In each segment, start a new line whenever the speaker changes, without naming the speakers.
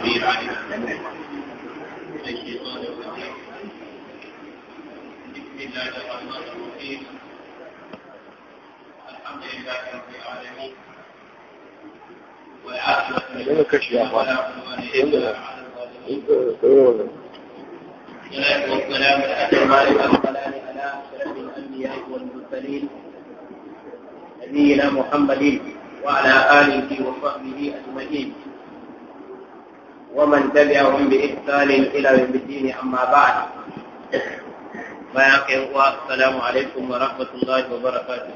التكبير عن الشيطان الرجيم بسم الله الرحمن الرحيم الحمد لله رب العالمين والعافية ولا عدوان على الظالمين والصلاة والسلام على الأنبياء والمرسلين نبينا محمد وعلى آله وصحبه أجمعين ومن تبعهم بإحسان إلى يوم الدين أما بعد bayan kai uwa assalamu alaikum wa rahmatullahi wa barakatuh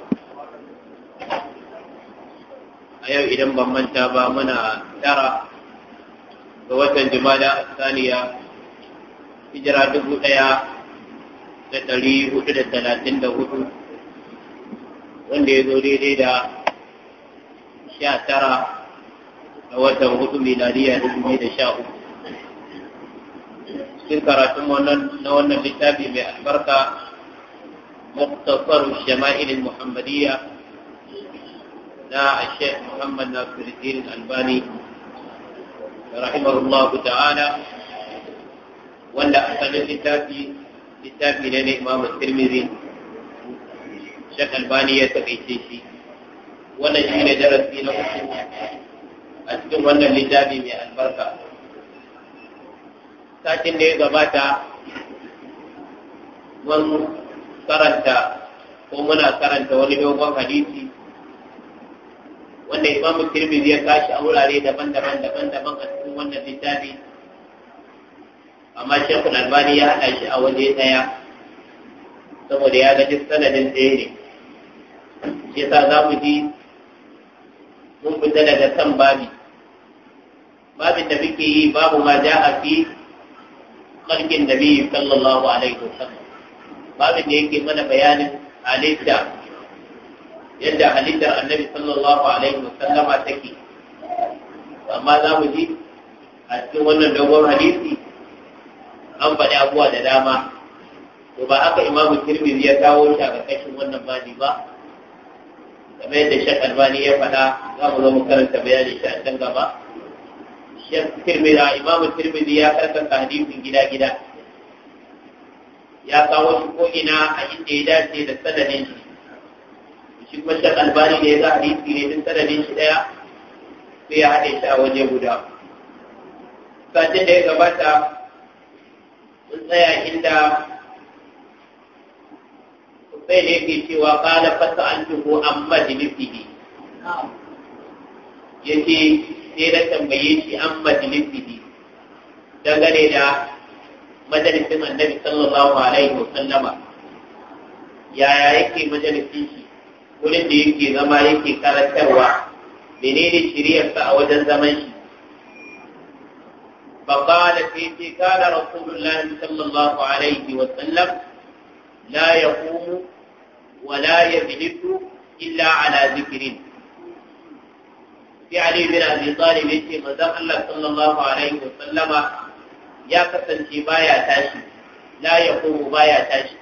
a yau idan ban manta ba muna tara ga watan jumada asaniya hijira dubu ɗaya da ɗari hudu da talatin da hudu wanda ya zo daidai da sha tara ga watan hudu miladiya dubu da sha uku cikin karatun wannan na wannan littafi mai albarka muktasar shama'ilin muhammadiyya na ashek muhammad na nasiruddin albani rahimahullah ta'ala wanda asalin littafi littafi ne na imam tirmidhi shek albani ya taƙaice shi wannan shi ne darasi na uku a cikin wannan littafi mai albarka satin da ya gabata mun karanta ko muna karanta wani dogon hadisi wanda imamu tirmidhi ya kashi a wurare daban-daban daban-daban a cikin wannan littafi amma shekul albani ya haɗa shi a waje ɗaya saboda ya ga duk sanadin ɗaya ne shi yasa za mu ji mun fita daga kan babi babin da muke yi babu ma a fi kalkin nabi sallallahu alaihi wa wasallam babin da yake mana bayanin halitta yadda halittar annabi sallallahu alaihi wasallama take amma za mu ji a cikin wannan dogon hadisi an faɗi abuwa da dama to ba haka imamu tirmidhi ya kawo shi a ƙarƙashin wannan bani ba kamar yadda shek albani ya faɗa za mu zo mu karanta bayanin shi a can gaba Ah, imamu tirmidhi ya karkata hadifin gida-gida ya kawo shi ko'ina a inda ya dace da sanadin shi shi kuma shan albani da ya za hadisi ne duk sanadin shi ɗaya sai ya haɗe shi a waje guda satin da ya gabata sun tsaya inda sai da ke cewa kala fasa an tuho an majalifihi yake sai na tambaye shi an majalisihi dangane da majalisin annabi sallallahu alaihi wa sallama yaya yake majalisin shi wurin da yake zama yake karantarwa menene shiriyarsa a wajen zaman shi فقال في قال رسول الله صلى الله عليه وسلم لا يقوم ولا يجلس إلا على ذكر sai Ali bin Abi Talib yace manzon Allah sallallahu alaihi wa sallama ya kasance baya tashi la yaqumu baya tashi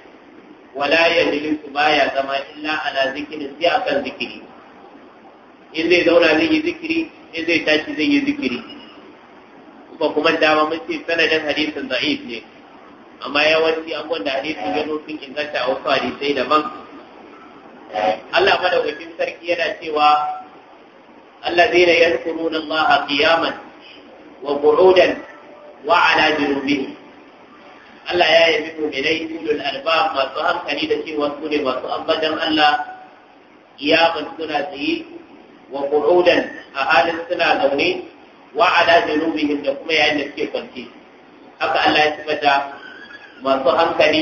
wala yajlisu baya zama illa ala zikri sai akan zikiri in zai zauna zai yi zikiri in zai tashi zai yi zikiri kuma kuma dama mun ce sanadin hadisin da'if ne amma yawanci an gwanda hadisin ya zo sun inganta a wasu hadisai daban Allah madaukakin sarki yana cewa الذين يذكرون الله قياما وقعودا وعلى جنوبهم Allah ya yabi mu'minai ulul albab masu hankali da cewa su ne masu ambaton Allah kiyaman suna tsaye wa qu'udan a halin suna zaune wa ala junubihim da kuma yayin da suke kwanci. haka Allah ya tabbata masu hankali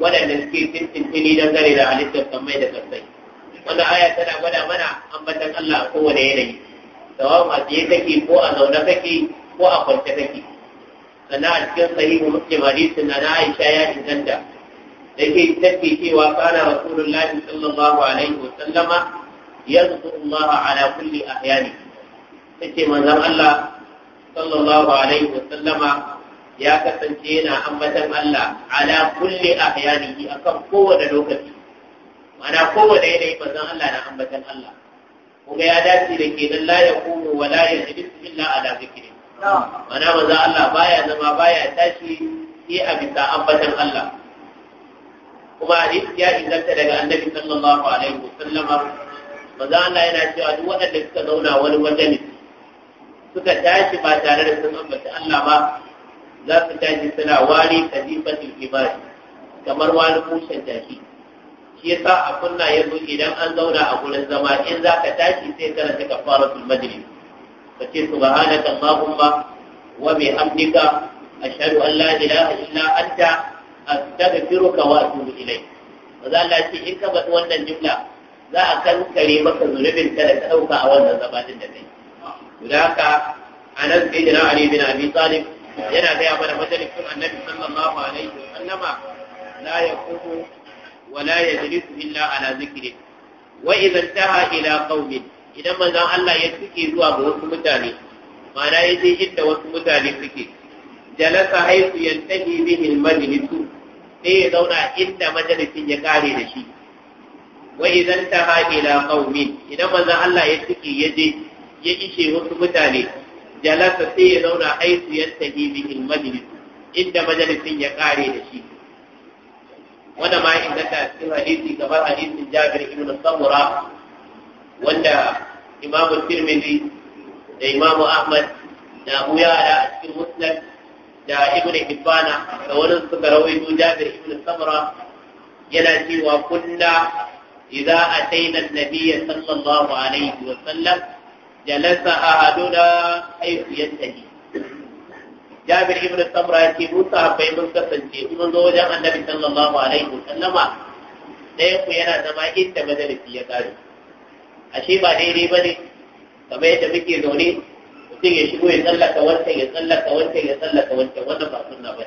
waɗanda suke tintintini dangane da halittar sammai da kasai wanda aya tana gwada mana ambatan Allah ko kowane yanayi sawa a tsaye take, ko a zaune take, ko a kwance take. sannan a cikin sahihu muslim hadisin na Aisha ya inganta da ke take cewa kana rasulullahi sallallahu alaihi wa sallama yazkuru Allah ala kulli ahyani take manzon Allah sallallahu alaihi wa sallama ya kasance yana ambatan Allah ala kulli ahyanihi akan kowane lokaci mana kowane yanayi manzon Allah na ambatan Allah kuma ya dace da ke nan la yaqumu wa la yajlisu illa ala zikri mana manzon Allah baya zama baya tashi sai a bisa ambatan Allah kuma hadisi ya inganta daga annabi sallallahu alaihi wasallama manzon Allah yana cewa duk waɗanda suka zauna wani majalisi suka tashi ba tare da sun ambata Allah ba za su tashi suna wari kadifatul ibadi kamar wani kushen jaki shi yasa a kunna yanzu idan an zauna a gurin zama in za ka tashi sai kana fara kafaratul majlis ka ce subhanaka allahumma wa bihamdika ashhadu an la ilaha illa anta astaghfiruka wa atubu ilayk maza Allah ce in ka bada wannan jumla za a kankare maka zunubin ka da ka dauka a wannan zama din da kai guda ka anan sayyidina ali bin abi talib yana gaya mana majalisin annabi sallallahu alaihi wa sallama la yaqumu ولا يجلس إلا على ذكره وإذا انتهى إلى قوم إذا ما زال الله يتكي زوا بوس متاني ما لا يجي إلا وس متاني سكي جلس حيث ينتهي به المجلس sai ya zauna inda majalisin ya kare da shi wa idan taha ila qaumin idan manzo Allah ya tike ya je ya ishe wasu mutane jalasa sai ya zauna aisu yantahi bihi majlis inda majalisin ya kare da shi wannan ma inganta cikin hadisi kamar hadisin Jabir ibn Samura wanda Imam Tirmidhi da Imam Ahmad da Abu Ya'la a cikin Musnad da Ibn Hibbana da wani suka rawaito Jabir ibn Samura yana cewa kunna idza ataina an-nabiy sallallahu alaihi wa sallam jalasa ahaduna haythu yantahi jabir ibn samra ya ce mu sahabbai mun kasance mun zo wajen annabi sallallahu alaihi wasallama ɗayan ku yana zama inda majalisi ya kare ashe ba daidai ba ne kamar yadda muke zaune mutum ya shigo ya tsallaka wancan ya tsallaka wancan ya tsallaka wancan wannan ba sunna ba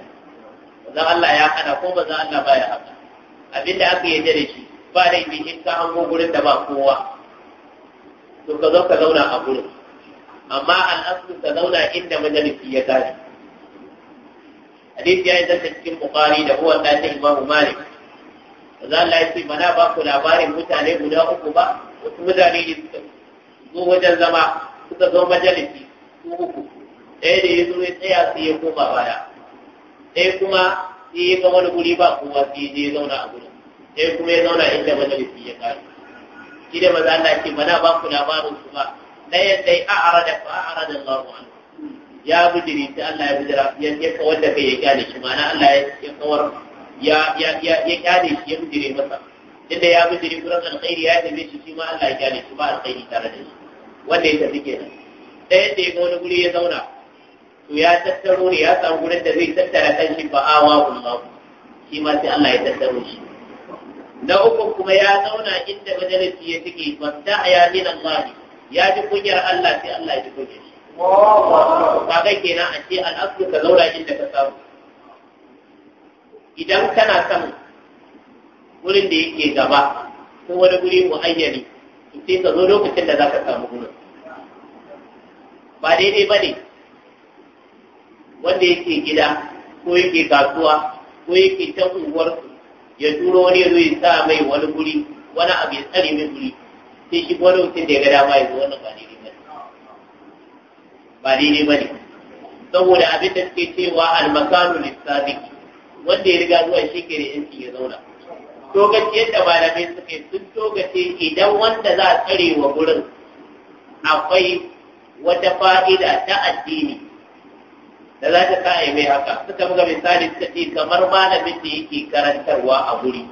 ne Allah ya hana ko manzon Allah baya haka abinda aka yi da shi ba laifi in ka hango gurin da ba kowa to ka zo ka zauna a gurin amma al'asu ka zauna inda majalisi ya kare hadisi ya yi zanta cikin bukhari da huwa da ta imamu malik za Allah ya ce mana ba ku labarin mutane guda uku ba wasu mutane ne suka zo wajen zama suka zo majalisi su uku ɗaya da ya zo ya tsaya sai ya koma baya ɗaya kuma sai ya ga wani guri ba kowa sai ya zauna a gurin ɗaya kuma ya zauna inda majalisi ya kare shi da maza Allah ce mana ba ku labarin su ba ɗayan dai a'ara da fa'ara da Allah anhu ya bijiri ta Allah ya bijira ya ya kawar da kai ya kyale shi ma'ana Allah ya kawar ya ya ya ya kyale shi ya bijire masa inda ya bijiri gurin alkhairi ya dame shi shi ma Allah ya kyale shi ba alkhairi tare da shi wanda ya tafi kenan ɗaya da ya ga wani guri ya zauna to ya tattaro ne ya samu gurin da zai tattara kanshi ba awa Allah shi ma sai Allah ya tattaro shi na uku kuma ya zauna inda majalisi ya take wasta ya min Allah ya ji kunyar Allah sai Allah ya ji kunyar kaga kenan a ce al'asu ka zaura inda ka samu idan kana son wurin da yake gaba ko wani guri muayyani sai ka zo lokacin da za ka samu gurin ba daidai ba ne wanda yake gida ko yake kasuwa ko yake ta unguwarsu ya turo wani zo ya sa mai wani guri wani abu ya tsare mai guri sai shi wani mutum da ya ga dama ya zo wannan ba daidai ba daidai ba ne saboda abin da suke cewa almakanu lissabiki wanda ya riga zuwa shi ke da ya zauna togaci yadda malamai suka yi sun togace idan wanda za a tsare wa gurin akwai wata fa'ida ta addini da za ta sa mai haka suka buga misali suka ce kamar malamin da yake karantarwa a guri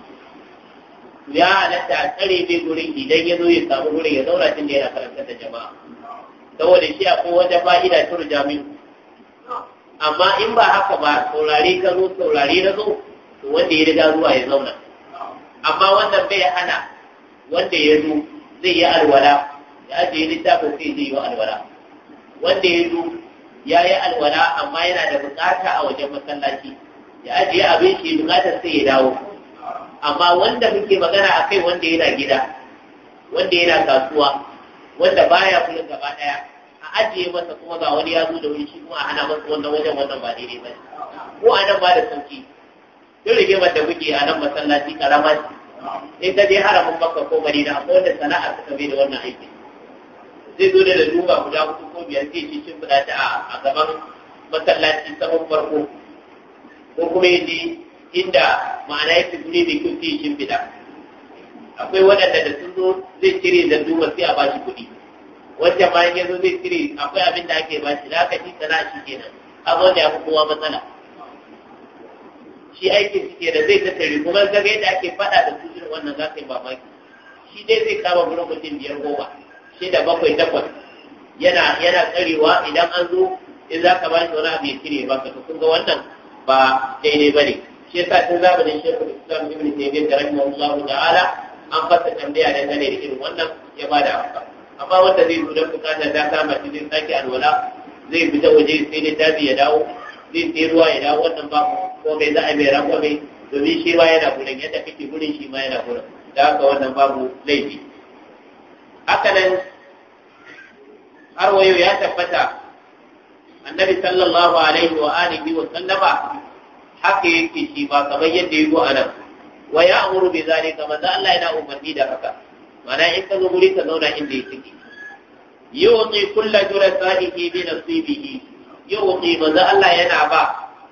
ya halatta a tsare mai gurin idan ya zo ya samu gurin ya zauna tun da yana karantar da jama'a saboda shi akwai wajen fa'ida turu jami'u amma in ba haka ba saurari ka zo saurare na zo to wanda ya riga zuwa ya zauna amma wannan bai hana wanda ya zo zai yi alwala ya ajiye littafin sai zai yi alwala wanda ya zo ya yi alwala amma yana da bukata a wajen masallaci ya ajiye abin shi bukatar sai ya dawo amma wanda muke magana a kai wanda yana gida wanda yana kasuwa wanda baya kula gaba daya a ajiye masa kuma ga wani yazo da wuri shi kuma a hana masa wannan wajen wannan ba daidai ba ko a nan ba da sauki duk rigimar da muke a nan masallaci karama ce in ka je haramun makka ko madina ko wanda sana'ar suka bai da wannan aiki zai zo da da duba guda hudu ko biyar zai ci cin ta a gaban masallaci saman farko ko kuma yaje inda ma'ana yake guri mai kyau zai cin akwai waɗanda da sun zo zai cire da duba sai a bashi kuɗi wacce ma yanzu zai cire akwai abin da ake bashi da aka ji sana'a shi kenan zo da ya fi kowa matsala shi aikin shi ke da zai ta tare kuma ga yadda ake faɗa da su irin wannan za ka yi mamaki shi dai zai kama gurin mutum biyar goma shida bakwai takwas yana yana tsarewa idan an zo in za ka bashi wani abu ya cire ba ka kun ga wannan ba daidai ba ne shi yasa tun zamanin shekul islam ibn taymiyyah da rahimahullahu ta'ala an fasa tambaya da gane da irin wannan ya ba da amfa. amma wanda zai lura bukata ta kama shi zai sake alwala zai fita waje sai littafi ya dawo zai sai ruwa ya dawo wannan ba ko mai za a mai rako mai domin shi ma yana gurin yadda kake gurin shi ma yana gurin da haka wannan babu laifi haka nan har wayo ya tabbata annabi sallallahu alaihi wa alihi wa sallama haka yake shi ba kamar yadda yi yago a nan wa ya amuru bi zalika manzo Allah yana umarni da haka mana in ka zo guri ka zauna inda ya ciki yuqi kullu jurasaihi bi nasibihi yuqi manzo Allah yana ba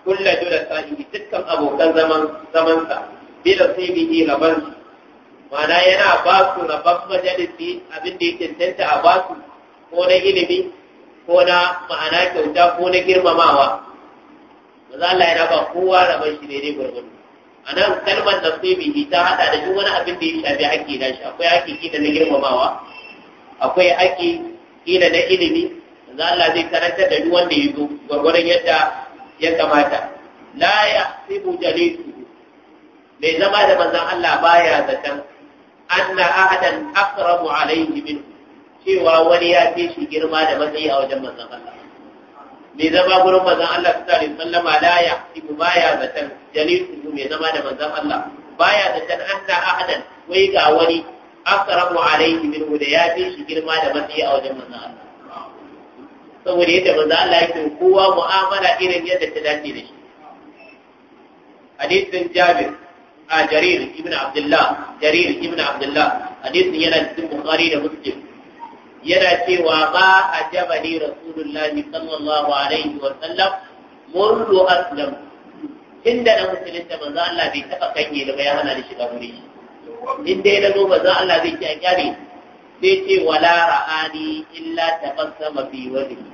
kullu jurasaihi dukkan abokan zaman zaman sa bi nasibihi raban mana yana ba su rabban majalisi abin da yake tantance a ba su ko na ilimi ko na ma'ana kyauta ko na girmamawa manzo Allah yana ba kowa ban shi ne ne gurgurdu anan kalmar nasibi ta hada da duk wani abin da ya shafi haƙƙi na shi akwai haƙƙi kila na girmamawa akwai haƙƙi kila na ilimi za Allah zai karantar da duk wanda ya zo gwargwaron yadda ya kamata la yahsibu jalisu mai zama da manzon Allah baya zaton anna ahadan aqrabu alayhi min cewa wani ya fi shi girma da matsayi a wajen manzon Allah mai zama gurin manzon Allah sallallahu alaihi wasallama la yahtibu baya zatan jalisu mai zama da manzon Allah baya zatan anna ahadan wai ga wani aqrabu alaihi min da ya fi shi girma da matsayi a wajen manzon Allah saboda yadda manzon Allah yake kowa mu'amala irin yadda ta dace da shi hadisin Jabir a Jarir ibn Abdullah Jarir ibn Abdullah hadisin yana cikin Bukhari da Muslim yana cewa ba a jaba ne rasulullahi sallallahu alaihi wa sallam murdu aslam inda na musulunta manzo Allah bai taba kanye da ya hana ni shiga wuri inda ya zo manzo Allah zai ki a kyare sai ce wala ra'ani illa tabassama fi wajhi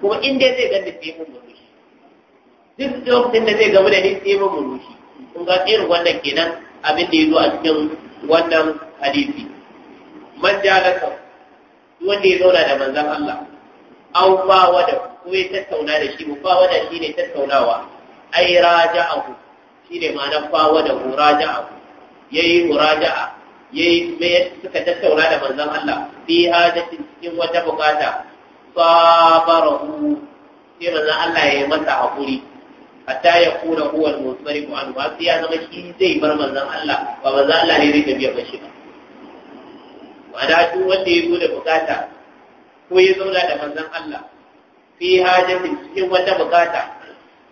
kuma inda zai ga da sai mun murushi duk lokacin da zai ga da ni sai mun murushi kun ga irin wannan kenan abin da ya zo a cikin wannan hadisi man jalaka wanda ya zauna da manzan Allah aw fawada ko ya tattauna da shi shi ne tattaunawa ai raja shine ya yi mu raja a, ya yi me suka tattauna da manzan Allah fi hajatin cikin wata bukata sabarahu sai manzan Allah ya yi masa haƙuri, hatta ya kula kuna al-musarifu an ba sai ya zama shi zai bar manzan Allah ba manzan Allah ne zai tafiya ba shi ba ma'ana duk wanda ya zo da bukata ko ya zauna da manzon Allah fi hajatin cikin wata bukata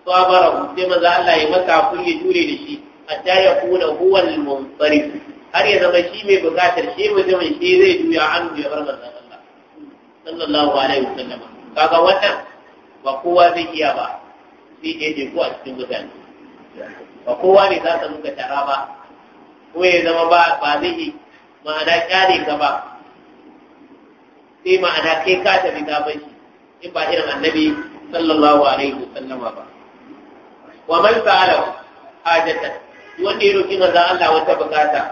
sabara sai manzon Allah ya masa kun ya jure da shi a ya kuna huwa al-munsarif har ya zama shi mai bukatar shi zama shi zai juya an ya bar manzon Allah sallallahu alaihi wasallam kaga wannan ba kowa zai iya ba sai ya je ko a cikin mutane ba kowa ne za ka muka tara ba ko ya zama ba ba zai ma'ana kyale gaba, sai ma'ana kai ka tafi ka shi in ba irin annabi sallallahu alaihi sallam ba wa man fa'ala hajata wanda ya roki manzo Allah wata bukata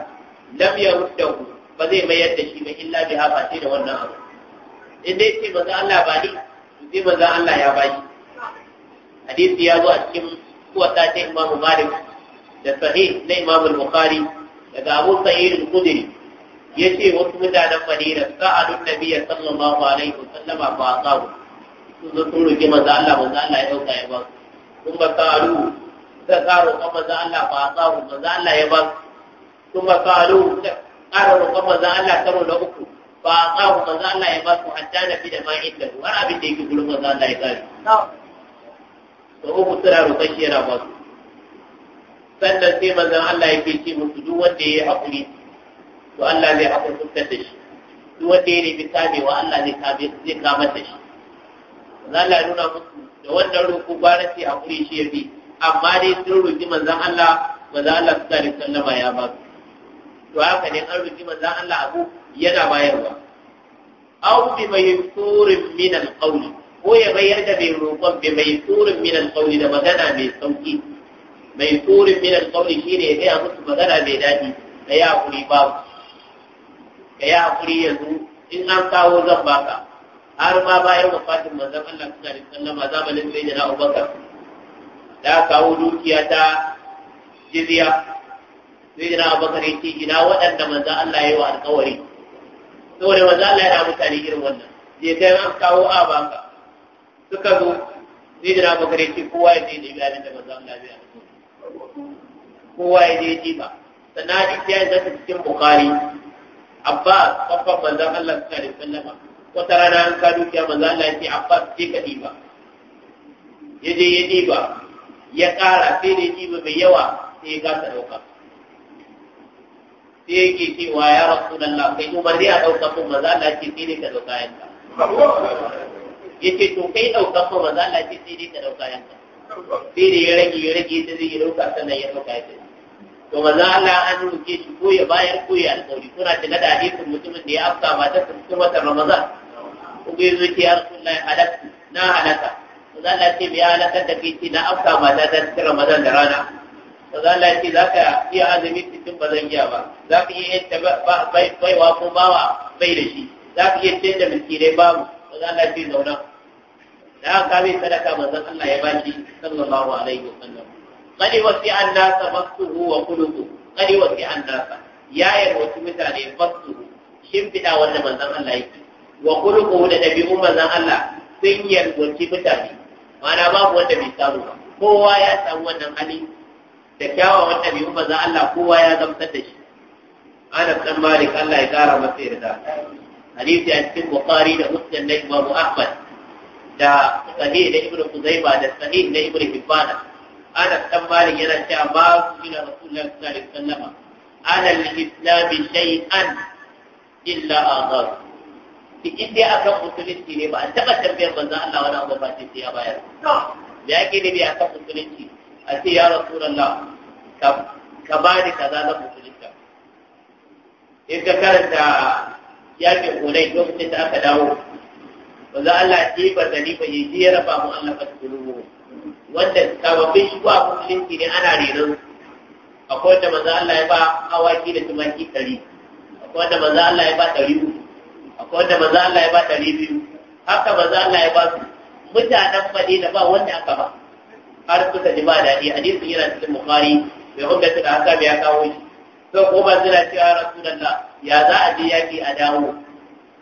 lam yaruddahu ba zai mayar da shi ba illa bi hafa sai da wannan abu in dai ce manzo Allah ba ni sai manzo Allah ya bashi hadisi ya zo a cikin kuwata ta Imam Malik da sahih na Imam Bukhari daga Abu Sa'id al-Khudri yace wasu mutanen Madina sa'adun nabiyyi sallallahu alaihi ba fa asabu su zo sun roki maza Allah maza Allah ya dauka ya ba sun ba karu da karo kan maza Allah fa asabu maza Allah ya ba sun ba karu da karo kan maza Allah karo da uku fa asabu maza Allah ya ba su hatta da fi da ma inda wani abin da yake gurin maza Allah ya kare to uku sura rokan shi yana ba su sannan sai maza Allah ya fice musu duk wanda ya yi hakuri to Allah zai haka fuskar da shi duk wanda ya nemi wa Allah zai kame zai kamar da shi Za Allah ya nuna musu da wannan roƙo gwara sai a kure shi ya bi amma dai sun roƙi manzon Allah za Allah sallallahu alaihi wasallama ya ba to haka ne an roƙi manzon Allah abu yana bayarwa aw bi mai min minan qawl ko ya bayar da mai roƙon bi mai min minan qawl da magana mai sauƙi? mai turin minan al shi ne ya gaya musu magana mai daɗi da ya kuri babu ka yi yanzu in an kawo zan baka har ma bayan fatin mazan Allah sallallahu alaihi za zamanin zai da Abubakar da kawo dukiya ta jizya sai da ne yake ina waɗanda mazan Allah ya yi wa alƙawari saboda mazan Allah ya da mutane irin wannan je kai an kawo a baka suka zo sai da ne yake kowa ya je da ibadin da mazan Allah zai yi kowa ya je ji ba sannan hadisi ya zata cikin bukari abbas babban manzan Allah sallallahu da wasallama wata rana an ka dukiya manzan Allah ya ce abbas je ka diba ya je ya diba ya ƙara sai da ya diba mai yawa sai ya gasa ɗauka sai yake cewa ya rasu da Allah kai umarni a dauka kun maza Allah ce sai dai ka ɗauka yanka. Ya ce to kai dauka kun maza Allah ce sai dai ka ɗauka yanka. Sai da ya rage ya rage ta zai ya ɗauka sannan ya ɗauka yanka. to maza Allah an ruke shi ko ya bayar ko ya alƙawari kuna tana da hadisin mutumin da ya afka ta cikin watan Ramadan ko ya zo ce ya Rasulullahi na halaka manzon Allah ce me ya halakar da kai na afka mata ta cikin Ramadan da rana Maza Allah ce za ka iya azumi cikin ba zan iya ba za ka iya yadda baiwa ko bawa bai da shi za ka iya ciyar da miskinai babu maza Allah ce zauna da aka bai sadaka manzon Allah ya bashi sallallahu alaihi wa sallam qad wasi'a an-nas basuhu wa qulubu qad wasi'a an-nas ya yarwatu mutane basuhu shimfida wanda manzon Allah yake wa qulubu da dabi'un manzon Allah sun yi yarwaci mutane mana babu wanda bai samu ba kowa ya samu wannan hali da kyawawan dabi'un manzon Allah kowa ya gamsar da shi Anas dan Malik Allah ya kara masa yarda hadisi a cikin Bukhari da Muslim da Imam Ahmad da sahih da Ibn Khuzaimah da sahih da Ibrahim Hibban ana dan malik yana cewa ba su ila rasulullahi sallallahu alaihi wasallam ala al-islam shay'an illa azar cikin dai akan musulunci ne ba a taɓa tambayar manzon Allah wani abu ba sai ya bayar da yake ne a kan musulunci a ce ya rasulullah ka ka bani kaza na musulunta in ka karanta yakin hulai lokacin da aka dawo manzon Allah ya ba zani ba yi ya raba mu Allah ka tsuru wanda sababbin shigo a musulunci ne ana renon akwai wanda manzo Allah ya ba awaki da tumaki ɗari akwai wanda manzo Allah ya ba ɗari uku akwai wanda manzo Allah ya ba ɗari biyu haka manzo Allah ya ba su mutanen da ba wanda aka ba har suka ji ba daɗi hadisin yana cikin Bukhari Mai hunda suka haka bai ya kawo shi sai kuma suna cewa Rasulullah ya za a je yaƙi a dawo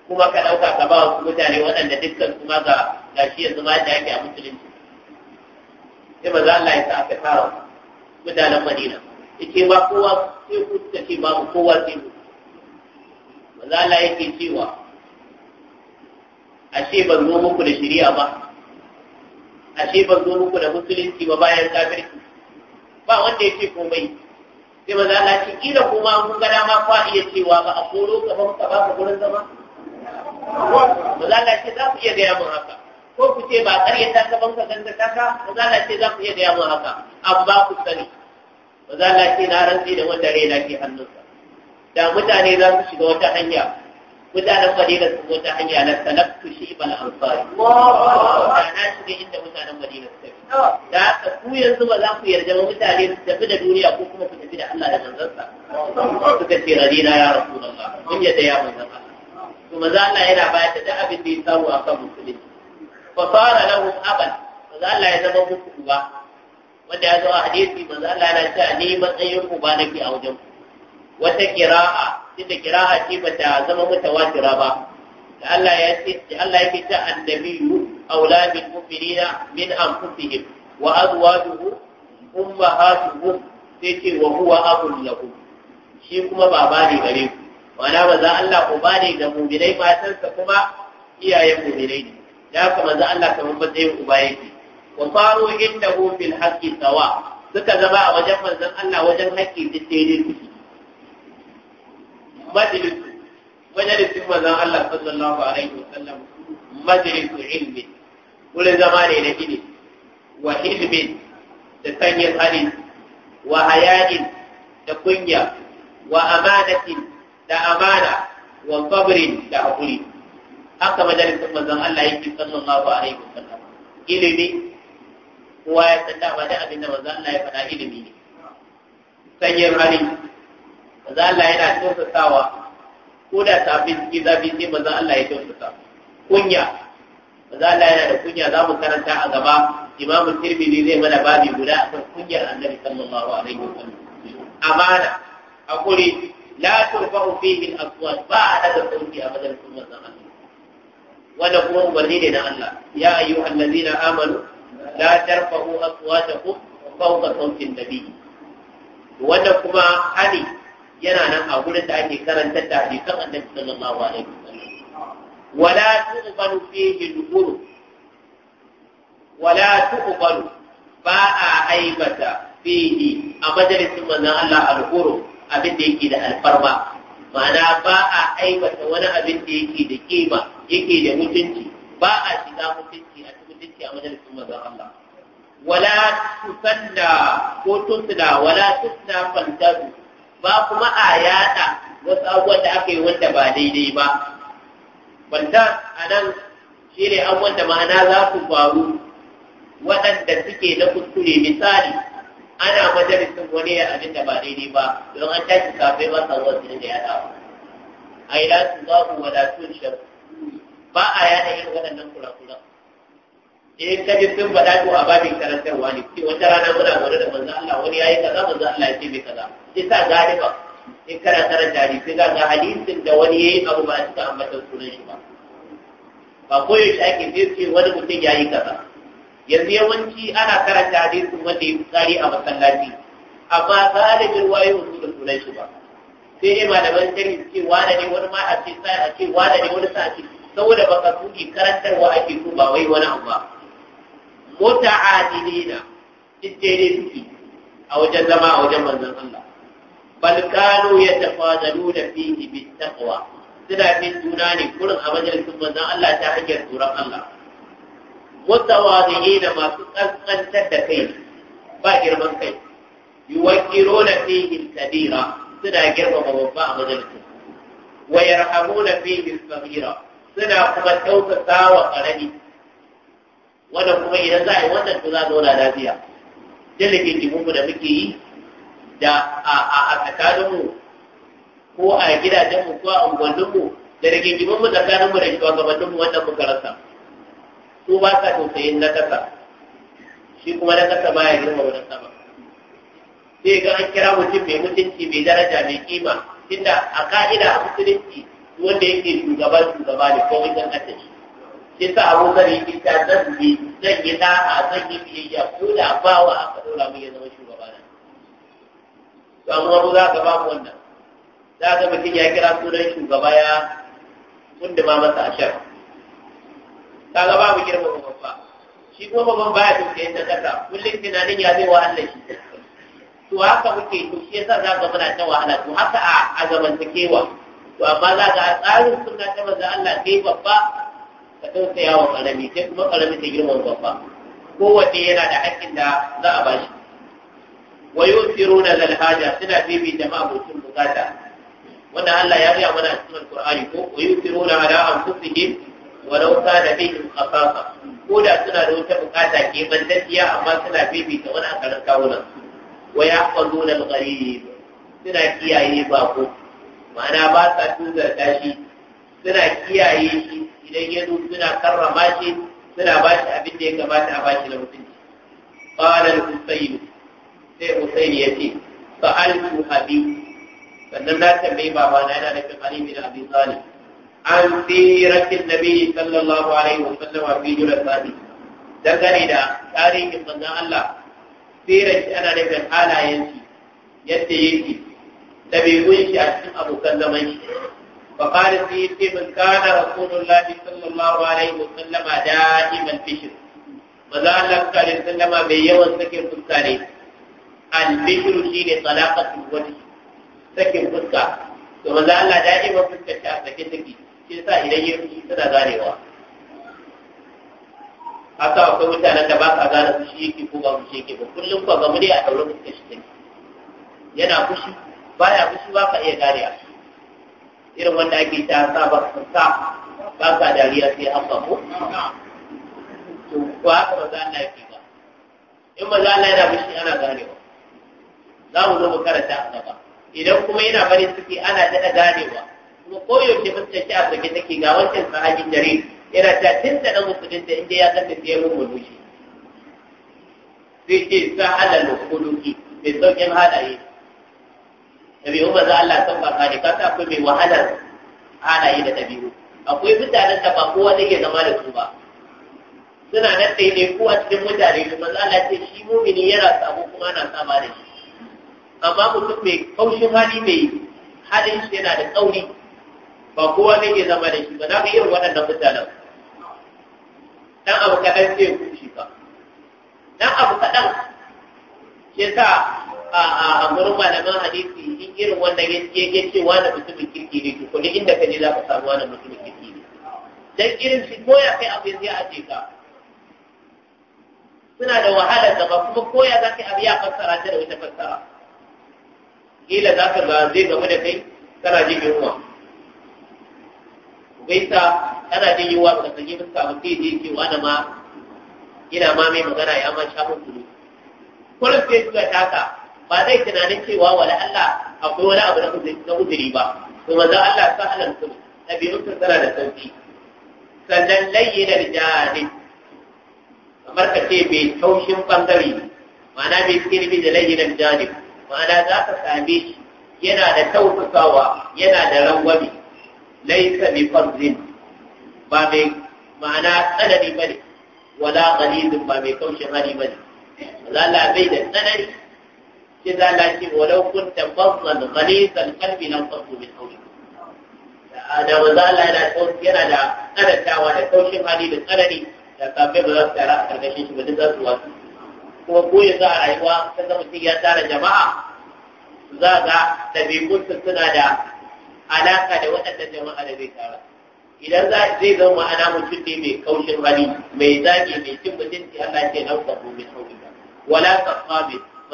kuma ka ɗauka ka ba wasu mutane waɗanda dukkan su ma ga gashi yanzu ma yake a musulunci sai maza Allah ya sa aka tara mutanen Madina yake ba kowa sai ku ta ba babu kowa sai ku za Allah yake cewa ashe ban zo muku da shari'a ba ashe ban zo muku da musulunci ba bayan kafirki ba wanda yake komai sai za Allah ki kila kuma mun ga dama kwa iya cewa ba a koro ka ba ka ba ka gurin zama za Allah ki za ku iya gaya mun haka ko ku ce ba ƙarya ta banka ganta kaka ba za la ce za ku iya gaya mu haka amma ku sani ba za ce na rantsi da wanda na ke hannunsa da mutane za su shiga wata hanya mutanen madina su wata hanya na su shi bal ansari da na shiga inda mutanen madina su tafi da haka ku yanzu ba za ku yarda ba mutane su tafi da duniya ko kuma ku tafi da Allah da manzansa suka ce radina ya rasulullah mun yadda ya manzansa to maza yana bayar da abin da ya samu a kan musulunci fa fara lahum aban za Allah ya zama muku ba. wanda ya zo a hadisi maza Allah yana cewa ni matsayin uba nake a wajen wata qira'a inda qira'a ce bata zama mutawatira ba da Allah ya ce Allah yake ta annabiyyu aula bil mu'minina min anfusihim wa azwajuhu ummahatuhum sai ce wa huwa abun lahum shi kuma baba ne gare ku ba za Allah uba ne da mu'minai matansa kuma iyayen mu'minai ne ya ka manzo Allah kamar matsayin uba yake wa faru indahu fil haqqi sawa suka zama a wajen manzo Allah wajen haƙƙi duk daidai suke majlis majalisin manzo Allah sallallahu alaihi sallam majlisu ilmi wurin zama ne na ilimi wa hilmin da sanyin hali wa hayanin da kunya wa amanatin da amana wa sabrin da haƙuri haka Majalisar manzon Allah yake sallallahu alaihi sallam ilimi kowa ya san dama da abin da manzon Allah ya faɗa ilimi ne sanyin hali manzon Allah yana tausasawa ko da safi ciki zafi manzon Allah ya tausasa kunya manzon Allah yana da kunya za mu karanta a gaba imamu tirmidhi zai mana babi guda akan kunyar annabi sallallahu alaihi sallam amana hakuri la turfa'u fihi al-aswat ba da sauki a madalin Allah wanda kuma umarni ne na Allah ya ayyuhal ladina amanu la tarfa'u aswatakum fawqa sawti an-nabi wanda kuma hali yana nan a gurin da ake karanta da hadisan Annabi sallallahu alaihi wasallam wala tuqbalu fihi dukhulu wala tuqbalu ba a aibata fihi a majalisin manzon Allah al-qur'an abin da yake da alfarma ma'ana ba a aikata wani abin da yake da kima yake da mutunci ba a shiga mutunci a cikin mutunci a majalisun manzon Allah wala tusalla ko tusna wala tusna fantadu ba kuma a yada wasu abubuwan da aka yi wanda ba daidai ba banta a nan shi abubuwan da ma'ana za su faru waɗanda suke na kuskure misali ana majalisin wani ya abin da ba daidai ba don an tashi kafai ba sa zuwa da ya dawo a yi lati wada wadatun shar ba a yada yin waɗannan kurakuran in ka ji sun faɗa to a babin karantarwa ne ce wata rana muna gore da manzo Allah wani yayi kaza manzo Allah ya ce bai kaza sai sa galiba in kana karanta hadisi za ga hadisin da wani yayi abu ba a cika ambatan sunan shi ba ba shi ake ce wani mutum yayi kaza yanzu yawanci ana karanta hadisin wanda ya tsari a masallaci amma galibin wayo su da sunan shi ba sai dai malaman tarihi ce wada ne wani ma ce sai a ce wada ne wani sa ce saboda baka tuki karantarwa ake so ba wai wani abu ba Mota muta'adilina ita ne suke a wajen zama a wajen manzon Allah da nuna fiye fihi takwa suna fi juna ne kurin a majalisun manzon Allah ta hanyar tsoron Allah متواضعين ما تقنت دكي باجر من كي يوكرون فيه الكبير سنا جرم مبا مجلس ويرحمون فيه الصغير سنا كما توسع ساوى قرني wannan kuma idan za a yi wannan to za a zauna lafiya jalibin limunmu da muke yi da a tsakaninmu ko a gidajenmu ko a unguwanninmu da rigingimin mu tsakaninmu da shugabanninmu wannan muka rasa su ba sa tausayin na ƙasa shi kuma na kasa ba ya girma wani sama sai ga an kira mutum mai mutunci mai daraja mai kima tunda a ka'ida a musulunci wanda yake shugaba shugaba ne ko wajen kasa shi shi sa abu zari yi ta zan yi zan yi da'a zan yi biyayya ko da ba wa aka ɗora mu ya zama shugaba na to amma mu za ka ba mu wannan za ka mutum ya kira sunan shugaba ya kundima masa a ashar kaga babu girmama babba shi kuma ba baya tausayin da kasa kullum tunanin ya zai wa Allah shi to haka muke to shi yasa za ka muna ta wahala to haka a kewa. to amma za ka tsarin sunna ta manzo Allah kai babba ka tausaya wa karami sai kuma karami ta girmama babba kowanne yana da haƙƙin da za a bashi wa yusiruna lal suna bibi da ma'abucin bukata wannan Allah ya ga mana cikin Qur'ani ko wa yusiruna ala walau kana bihim khasasa ko da suna da wata bukata ke bandadiya amma suna bibita wani akarin kawunan Wa ya yahfazuna al-gharib suna kiyaye bako ma'ana ba sa tuzar tashi suna kiyaye shi idan ya zo suna karrama shi suna ba shi abin da ya kamata a ba shi na mutunci qala al-husayn sai husayn ya ce sa'altu abi sannan na tambayi babana yana da kamar ibn abin talib an siratin nabi sallallahu alaihi wasallam fi julal dangane da tarihin manzon Allah sirar shi ana nufin halayen shi yadda yake ɗabi'un shi a cikin abokan zaman shi fa qala fi ibn kana rasulullah sallallahu alaihi wasallam da'iman fi maza Allah sallallahu alaihi wasallam bai yawan sakin fuska ne al shi ne talaqatu wajhi sakin fuska to maza Allah da'iman fuska ta sake take sa idan ya fushi tana ganewa haka akwai mutanen da ba ka gane fushi yake ko ba fushi yake ba kullum ba ga mure a daura fuska shi ne yana fushi baya fushi ba ka iya gane a irin wanda ake ta sa ba sa ba ka dariya sai an ba ko to ba ka ba zan Allah ba in ba zan Allah yana fushi ana ganewa za mu zo mu karanta a gaba idan kuma yana bari suke ana daɗa ganewa kuma koyaushe fuskar shi a sake take ga wancan sahabin dare yana ta tun da musulun da inda ya zaka ya mun mulushi sai ce sa halal kuluki mai sauƙin halaye ɗabi'u ba za Allah san baka ne kasa akwai mai wahalar halaye da biyu. akwai mutanen da ba kowa zai iya zama da su ba suna nan sai ne kowa cikin mutane da manzo Allah ce shi mumini yana samu kuma ana sama da shi amma mutum mai kaushin hali mai halin shi yana da tsauri ba kowa ne ke zama da shi ba za ka irin waɗannan mutanen dan abu kaɗan ku shi ba. dan abu kaɗan ke sa a gurin malaman hadisi in irin wannan ya ce wani mutumin kirki ne to kullum inda ka je za ka samu wani mutumin kirki ne dan irin shi koya kai abu sai a ce ka suna da wahala ba kuma koya za ka abu ya fassara ta da wata fassara kila za ka ga zai gamu da kai kana jin yunwa gaisa ana jin ba ka yi fuska ba sai yake wa da ma ina ma mai magana ya ma sha su ne kullum sai suka taka ba zai tunanin cewa wala Allah akwai wani abu na uzuri ba to manzo Allah sa halan su biyu sun tsara da sauki sannan layyina rijali kamar ka ce bai taushin bangare ma'ana bai kirbi da layyina rijali ma'ana za ka same shi yana da tausasawa yana da rangwame laisa bi farzin ba mai ma'ana tsanani ba ne, wala ghalizin ba mai kaushin hali ba bane lalla bai da tsanani sai zala ce walau kunta fazzan ghalizan qalbi lam fasu mai hawli da maza Allah yana da tsanantawa da kaushin hali da tsanani da kafin ba za su tara a karkashin shi ba duk za su wasu kuma ko yanzu a rayuwa kan mutum ya tara jama'a za ga ɗabi'unsa suna da alaka da waɗannan jama'a da zai tara idan zai zama ma'ana mutum ne mai kaushin hali mai zage mai cin mutunci Allah ce kwabo mai min ba wala ba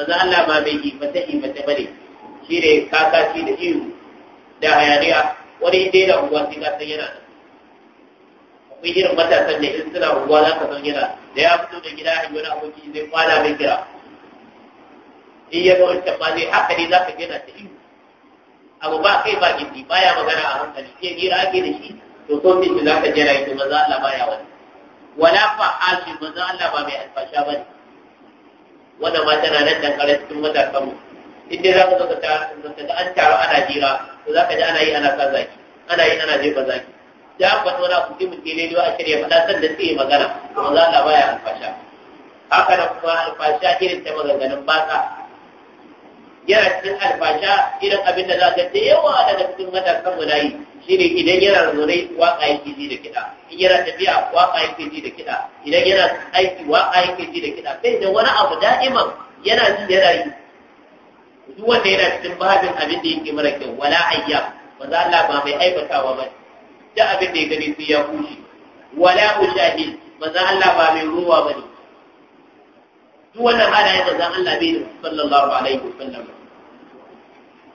za Allah ma bai yi mata yi mata bane shi ne shi da iru da hayaniya wani dai da unguwa sai ka san yana nan akwai irin matasan da in suna unguwa za ka san yana da ya fito da gida hanyar wani aboki zai kwana mai kira in yi ga wancan ma zai haka ne za ka gina ta iyu abu ba kai ba gindi baya magana a hankali sai gira ake da shi to ko min za ka jira ita maza Allah baya wani wala fa'ashi maza Allah ba mai alfasha bane
wannan ma tana nan da
kare cikin matakan mu idan za ka zo ka ta an taro ana jira to za ka ji ana yi ana sa zaki ana yi ana jefa zaki da ba faɗi wani ji mun mutum ne a shirya faɗa san da sai magana maza Allah baya alfasha haka da kuma alfasha irin ta maganganun baka yana cikin albasha idan abin da za ka da yawa daga cikin matasan mu shi ne idan yana zaune waka yake ji da kiɗa in yana tafiya waka yake ji da kiɗa idan yana aiki waka yake ji da kiɗa sai da wani abu da'iman yana ji yana yi duk wanda yana cikin babin abin da yake mara kyau wala ayya ba za Allah ba mai aibatawa ba da abin da ya gani sai ya kushi wala ushahid za Allah ba mai ruwa ba ne. duk wannan halayen manzo Allah bai da sallallahu alaihi wasallam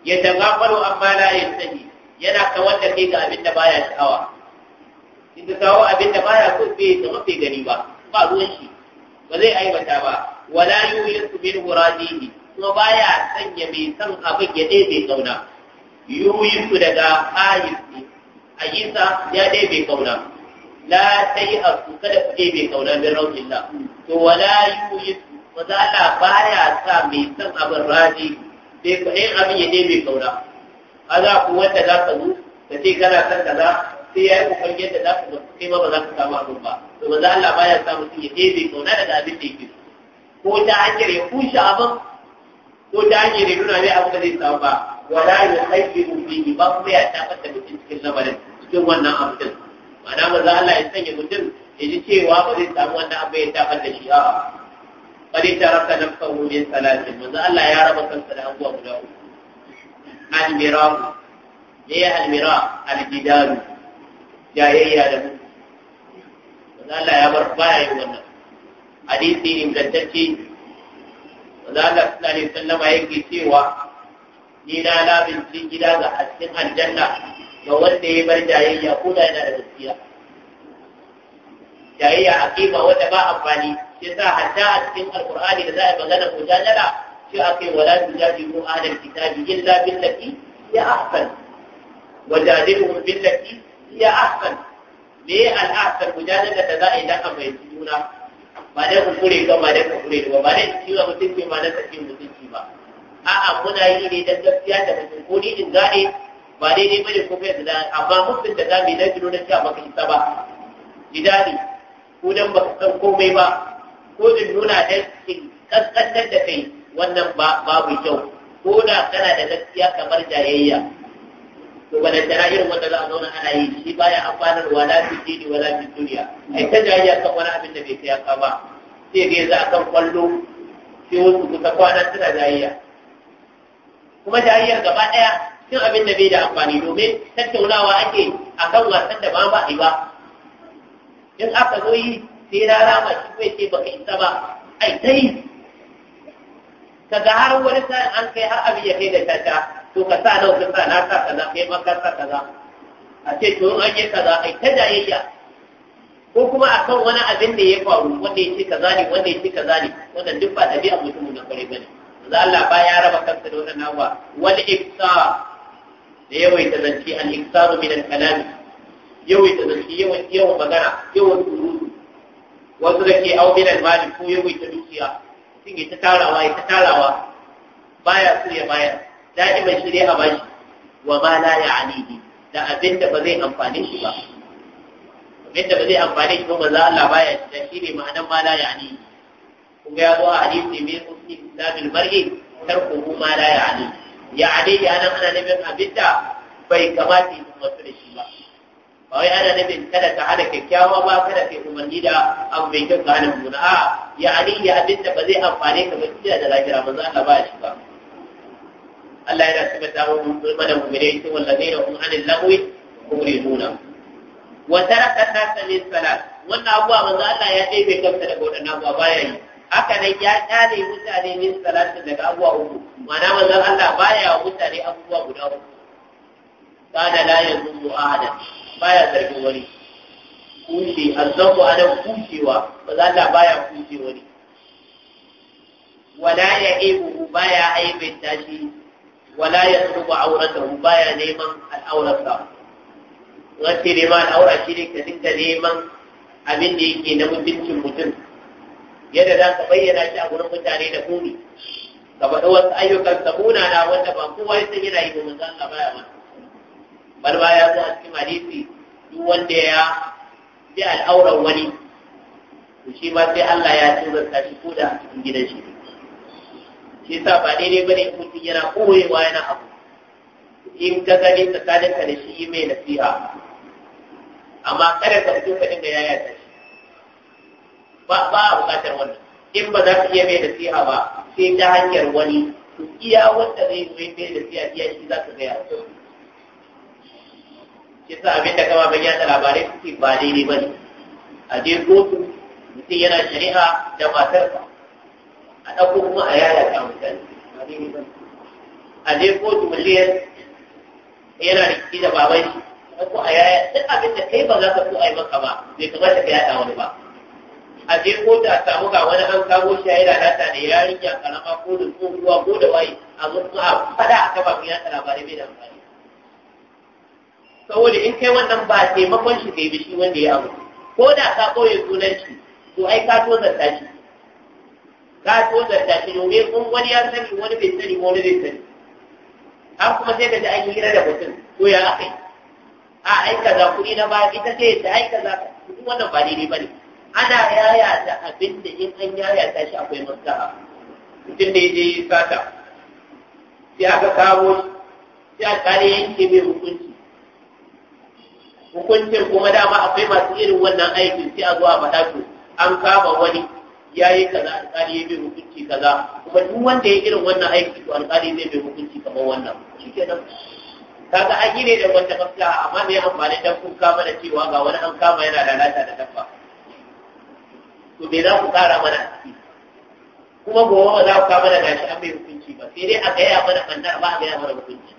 ya tagafaru amma la yastahi yana ka wanda kai ga abinda baya sha'awa in ka kawo abinda baya so bai zama bai gani ba ba ruwan shi ba zai aibata ba wala yuhisu min muradihi kuma baya sanya mai san abin ya dai bai kauna yuhisu daga ayisi ayisa ya dai bai kauna la tai asu kada ku dai bai kauna bin rauhillah to wala yuhisu maza Allah baya sa mai san abin radi sai ka ɗayan abin ya ɗebe kaura a za ku wanda za ka zo da sai kana san kaza sai ya yi kokarin yadda za ka zafi kai ma ba za ka samu abin ba to ba za Allah ba ya samu sun ya ɗebe kauna daga abin da yake ko ta hanyar ya kushe abin ko ta hanyar ya nuna mai abin da zai samu ba wala ya haifi mutum ba kuma ya taɓa da mutum cikin lamarin cikin wannan abin ma'ana za Allah ya sanya mutum ya ji cewa ba zai samu wannan abin ya taɓa da shi a? qad taraka nafsahu min salatin manzo Allah ya raba kansa da abuwa guda uku al-miraq ne al-miraq jayayya da mutum manzo Allah ya bar baya yin wannan hadisi ingantacce manzo Allah sallallahu alaihi wasallam yake cewa ni na labinci gida ga hasken aljanna ga wanda ya bar jayayya ko yana da gaskiya jayayya wanda ba amfani yasa hatta a cikin alqur'ani da za a magana mujadala shi akai wala tujadilu ahlal kitabi illa billati ya ahsan wajadiluhum billati ya ahsan me al ahsan mujadala da za a yi dan a fahimci juna ba dai ku kure ga ba dai ku kure ba ba dai ciwo mutunci ba dai cikin mutunci ba a'a muna yi ne da gaskiya da mutum ko ni in gane ba dai ne bane ko kai da amma mutum da zamu yi na jiro na cewa baka isa ba idani ko dan baka san komai ba ko in nuna dan cikin kaskantar da kai wannan babu kyau ko da kana da gaskiya kamar jayayya to ba da tana irin wanda za a zauna ana yi shi baya amfanar wala fi wa wala fi ai ta jayayya kan wani abin da bai kai aka ba sai dai za a kan kwallo sai wasu kusa kwana suna jayayya kuma jayayyar gaba ɗaya cin abin da bai da amfani domin tattaunawa ake akan wasan da ba ba ba in aka zo yi sai rara mai shi kai ce baka isa ba ai ta yi kaga har wani sa'in an kai har abin ya kai da tata to ka sa nau ka sa na sa kaza kai ma ka sa kaza a ce to in an yi kaza ai ta jayayya ko kuma a kan wani abin da ya faru wanda ya ce kaza ne wanda ya ce kaza ne wanda duk ba dabi'a mutum na kware ba ne? za Allah ba ya raba kansa da wani nawa Wani ifsa da yawaita zance al ifsa min al kalam yawaita zance yawan yawan magana yawan surutu wasu da ke au min almali ko ya wuce dukiya sun yi ta tarawa ya ta tarawa baya su ya bayar da'iman shi dai a bashi wa ma la alihi da abin da ba zai amfane shi ba abin da ba zai amfane shi ba ba Allah baya shi da shi ne ma'anar ma la ya'nihi kun ga ya zo a hadisi mai kusi islamin mar'i mu ma la ya'nihi ya'nihi anan ana nufin abin da bai kamata ya mutu da shi ba ba wai ana nufin kada ta hana kyakkyawa ba kada ke umarni da abu mai kyau ka hana mummuna a ya ali ya abin da ba zai amfane ka ba kila da lafiya ba za ka ba shi ba Allah ya yana sifata wa mummuna da mummuna yake wallahi da kuma ko lahwi nuna. wa taraka ta min salat wannan abuwa manzo Allah ya ɗebe kanta daga godan abuwa baya yi haka ne ya kyale mutane min salatin daga abuwa uku ma'ana manzo Allah baya mutane abubuwa guda uku kana la yazummu ahadan baya zargin wani kushe azzanku anan kushewa ba za ta baya kushe wani wala ya ebu baya aibin shi wala ya tsubu ba baya neman al'aurarsa wace neman al'aura shi ne ka dinka neman abin da yake na mutuncin mutum yadda za ka bayyana shi a gurin mutane da kuni ka faɗi wasu ayyukan sabuna na wanda ba kowa ya san yana yi domin zan ka baya ba bar baya ya a cikin hadisi wanda ya bi al'auran wani to shi ba sai Allah ya tuzarta shi ko da cikin gidan shi shi yasa ba daidai bane mutum yana koyewa yana abu in ka gani tsakanin ka da shi yi mai nasiha amma kada ka fito ka dinga yaya ta shi ba ba a bukatar wannan in ba za ka iya mai nasiha ba sai ta hanyar wani to iya wanda zai yi mai nasiha iya shi za ka gaya shi sa abin da kama bayyana da labarai suke ba daidai ba ne a je kotu mutum yana shari'a da matarsa a ɗauko kuma a yaya ta mutane a je kotu miliyan yana rikici da babai ko a yaya duk abin da kai ba za ka so a yi maka ba bai kamata ka yada wani ba a je kotu a samu ga wani an kawo shi ya yi lalata da yarinya karama ko da tsohuwa ko da waye a mutum a faɗa a kafafen yaɗa labarai bai da amfani saboda in kai wannan ba taimakon shi kai bishi wanda ya abu ko da ka ɓoye sunan shi to ai ka to zarta shi ka to zarta shi mai kun wani ya sani wani bai sani wani bai sani an kuma sai ka ji an yi hira da mutum ko ya akai a ai za kuɗi na ba ita ce ta ai ka duk wannan ba daidai ba ne. ana yaya ta abin da in an yaya ta shi akwai maslaha mutum da ya je sata sai aka kawo shi sai a kare yanke mai hukunci hukuncin kuma dama akwai masu irin wannan aikin sai a zo a faɗa to an kama wani ya yi kaza alƙali ya bai hukunci kaza kuma duk wanda ya irin wannan aiki to alƙali zai bai hukunci kamar wannan shi ke nan kaga an yi ne da wata maslaha amma me amfani dan kun kama da cewa ga wani an kama yana lalata da dabba to me za ku kara mana a ciki kuma gobe ba za ku kama da gashi an bai hukunci ba sai dai a gaya mana bannar ba a gaya mana hukunci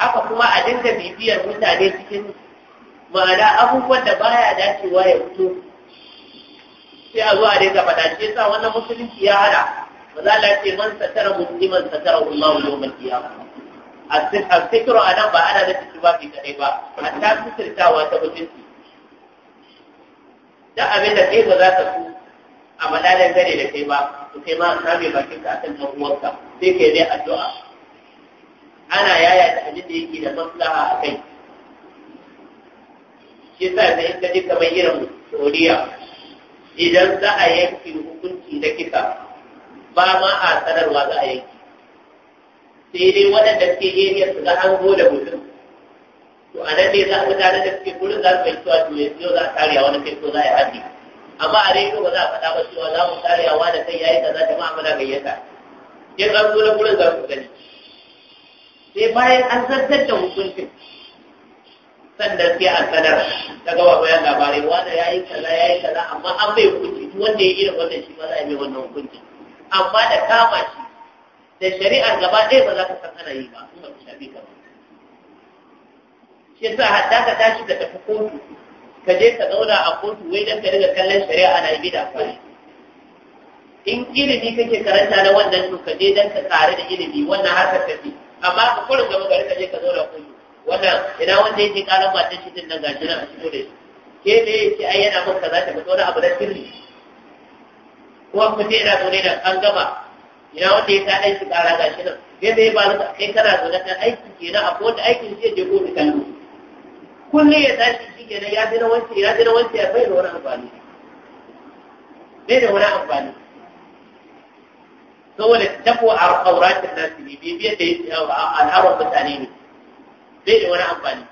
haka kuma a dinga bibiyar mutane cikin ma'ana abubuwan da baya dacewa ya fito sai a zuwa dinga fada shi yasa wannan musulunci ya hada ba za a ce man satara musliman satara Allah yau mai kiyama a nan ba ana da cikin ba fi kaɗai ba a ta suturtawa ta mutunci da abin da kai ba za ka su a madalan gare da kai ba to kai ma a same bakinka a kan ɗan uwanka sai kai ne addu'a ana yaya da abin da yake da maslaha a kai shi sa da in ka ji kamar irin soriya idan za a yanki hukunci da kisa ba ma a sanarwa za a yanki
sai dai waɗanda suke
area su ga an da mutum to a nan ne za a gudanar da suke gurin za su bai cewa to yanzu za a karewa wani kai ko za a yi haddi amma a rai ba za a faɗa ba cewa za mu karewa da kai yayi kaza jama'a muna gayyata in an zo na gurin za su gani sai bayan an zartar da hukuncin sanda sai a sanar ta gaba bayan labarai wanda ya yi kaza ya yi kaza amma an bai hukunci wanda ya irin wannan shi ba za a yi wannan hukunci amma da kama shi da shari'ar gaba ɗaya ba za ka san ana yi ba kuma ta shafi ka ba shi yasa hadda ka tashi ka tafi kotu ka je ka zauna a kotu wai dan ka riga kallon shari'a ana yi da kwari in ilimi kake karanta na wannan to ka je dan ka tsare da ilimi wannan harkar tafi amma ka kullum gaba gari ka je ka zo da kullu wannan idan wanda yake karan matan shi din nan gashi nan a cikin da ke me ki ai yana mun za ta zo da abu da sirri ko ku ce da dole da an gama ina wanda ya kaɗa shi ƙara gashi nan ke ne ba ka kai kana zo da kan aiki kenan a kowace aikin shi je gobe kallo kullum ya tashi shi kenan ya ji na wance ya ji na wance ya bai da wani amfani bai da wani amfani saboda tafi a auratin nasu ne biyar da a al'aurar mutane ne zai da wani amfani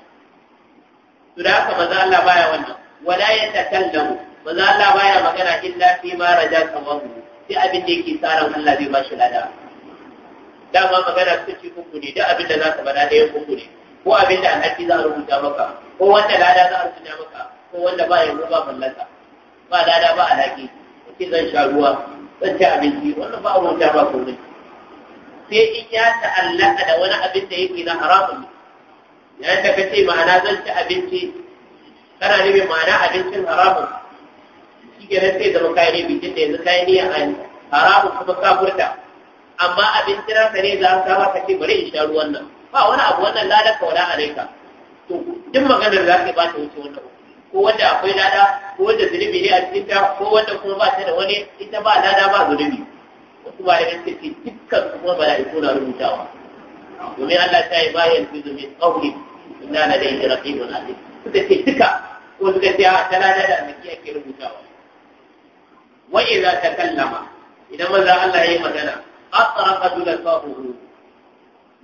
Su da haka maza Allah baya wannan wala ya takallamu maza Allah baya magana illa fi ma raja mu, sai abin da yake tsaron Allah zai ba shi lada dama magana su ci uku ne da abin da za ka bada ɗaya uku ne ko abin da annabi za a rubuta maka ko wanda lada za a rubuta maka ko wanda ba yanzu ba mallaka ba lada ba alaƙi kake zan sha ruwa zan ci abinci wannan ba abota ba komai sai in ya ta'allaka da wani abin da yake na haramun yayin da kace ma'ana zan ci abinci kana nufin ma'ana abincin haramun shi ke nan sai zama kayan bikin da yanzu kayan niyan hali haramun kuma kafurta amma abincin ranka ne za ka maka ce bari in sha ruwan nan ba wani abu wannan ladar kauna a rai ka to duk maganar za ka ba ta wuce wannan ko wanda akwai lada ko wanda zunubi ne a cikin ta ko wanda kuma ba ta da wani ita ba lada ba zunubi wasu ba da suka ce dukkan su kuma mala'iku na rubutawa domin Allah ta yi bayan su zumi tsauri inna na dai raqibun alim suka ce duka ko suka ce ta lada da zaki ake rubutawa za ta kallama idan maza Allah ya yi magana asraqa dulafahu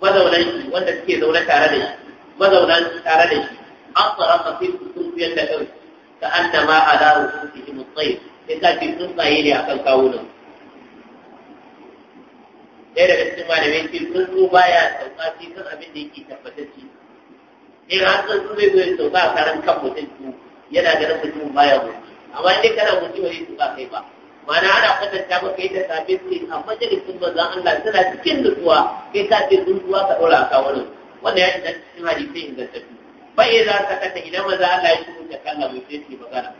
mazaunan shi wanda suke zaune tare da shi mazaunan tare da shi أطرق في السوفية الأرض كأنما على رؤوسهم الطير إذا في سنة يلي أكل كاونا ɗaya daga cikin malamai ce sun tsuntsu baya sauka sai kan abin da yake tabbatacce in har tsuntsu zai zo sauka a karan kan mutum yana ganin mutum baya mutu amma in kana mutu ba zai sauka kai ba mana ana kwatanta maka yadda sabbin ce a majalisun manzon Allah suna cikin nutsuwa kai ka ce zuwa ka ɗora a kawunan Wanda ya shiga cikin hadisai ingantattu bai za ta kata idan maza Allah ya shiru da kallon mai sai ke magana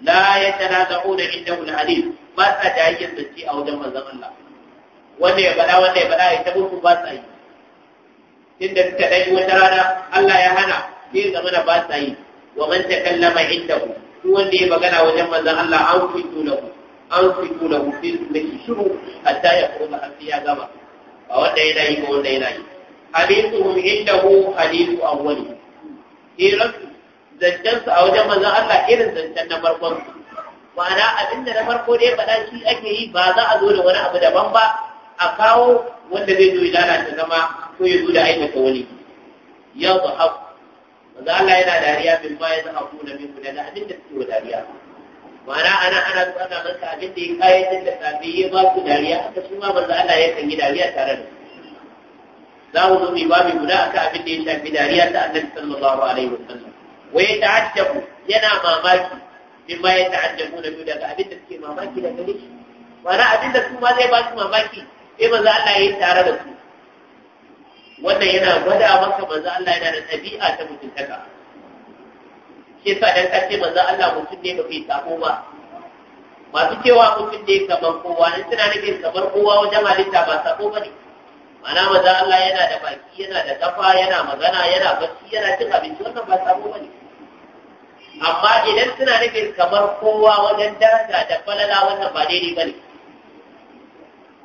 la ya tana da ƙuna inda wani hadis ba sa da yake zance a wajen manzon Allah wanda ya faɗa wanda ya faɗa ya ku ba sa yi Inda suka dai wata rana Allah ya hana sai zama da ba sa yi wa man takallama indahu ku wanda ya magana wajen manzon Allah an fito ku an fito ku sai su dake shiru hatta ya kuma har sai ya gama ba wanda yana yi ko wanda yana yi hadithuhum indahu hadithu awwalihim hirarsu eh, zancensu a wajen manzan Allah irin zancen na farkon su ma'ana abinda na farko dai faɗa shi ake yi ba za a zo da wani abu daban ba a kawo wanda zai zo ya lalata zama ko ya zo da aikata wani yau ba haku manzan Allah yana dariya min ba ya za a kuna min kuna da abinda suke wa dariya ma'ana ana ana tsana maka abinda ya kayan da safe ya ba su dariya haka shi ma manzan Allah yakan yi dariya tare da su za mu zo mu guda akan abin da ya shafi dariya ta annabi sallallahu alaihi sallam wa ya ta'ajjabu yana mamaki ma ya ta'addabu na biyu daga abin da suke mamaki da gare shi ma'ana abin da su ma zai ba su mamaki sai manzo Allah ya yi tare da su wannan yana gwada maka manzo Allah yana da ɗabi'a ta mutuntaka shi yasa dan ka ce manzo Allah mutum ne ba bai sako ba masu cewa mutum ne kamar kowa ne suna nufin kamar kowa wajen halitta ba sako ba ne mana maza Allah yana da baki yana da kafa yana magana yana bacci yana cin abinci wannan ba sabo bane amma idan suna nufin kamar kowa wajen daraja da falala wannan ba daidai bane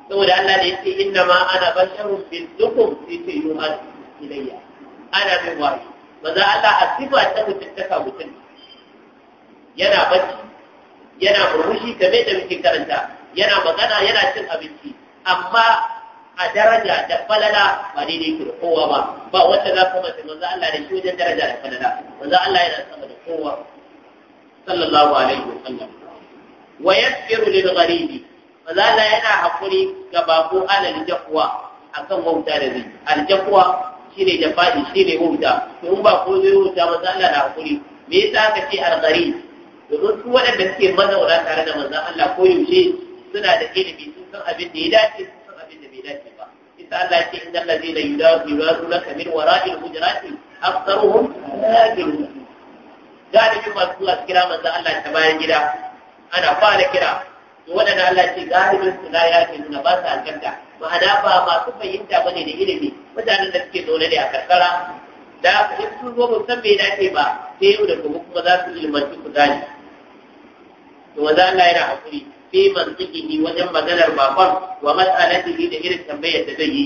saboda Allah da yake inna ma ana basharun dukum yake yuha ilayya ana bin wahi maza Allah a sifa ta mutuntaka mutum yana bacci yana murmushi game da muke karanta yana magana yana cin abinci amma a daraja da falala ba daidai ke da kowa ba ba wanda za ka mace manzo Allah da shi wajen daraja da falala manzo Allah yana sama da kowa sallallahu alaihi wasallam wa yaghfiru lil gharibi manzo Allah yana hakuri ga bako alal jahwa akan wauta da zai al jahwa shine jafadi shine wauta to in ba ko zai wauta manzo Allah na hakuri me yasa ka ce al gharib domin su waɗanda suke mazauna tare da manzo Allah ko yaushe suna da ilimi sun san abin da ya dace bai dace ba isa Allah ce inda allazi la yudazu laka min wara'il hujurati aktsaruhum kafirun galibin masu zuwa kira manzon Allah ta bayan gida ana fara kira to wadanda Allah ce galibin su na yaƙi nuna ba sa aljanna ma'ana ba masu fahimta ne da ilimi mutanen da suke zaune a karkara da aka in sun bai dace ba sai yau da gobe kuma za su ilmanci ku gane to wanda Allah yana hakuri fi mantiqihi wajen maganar baban wa mas'alatihi da irin tambayar da zai yi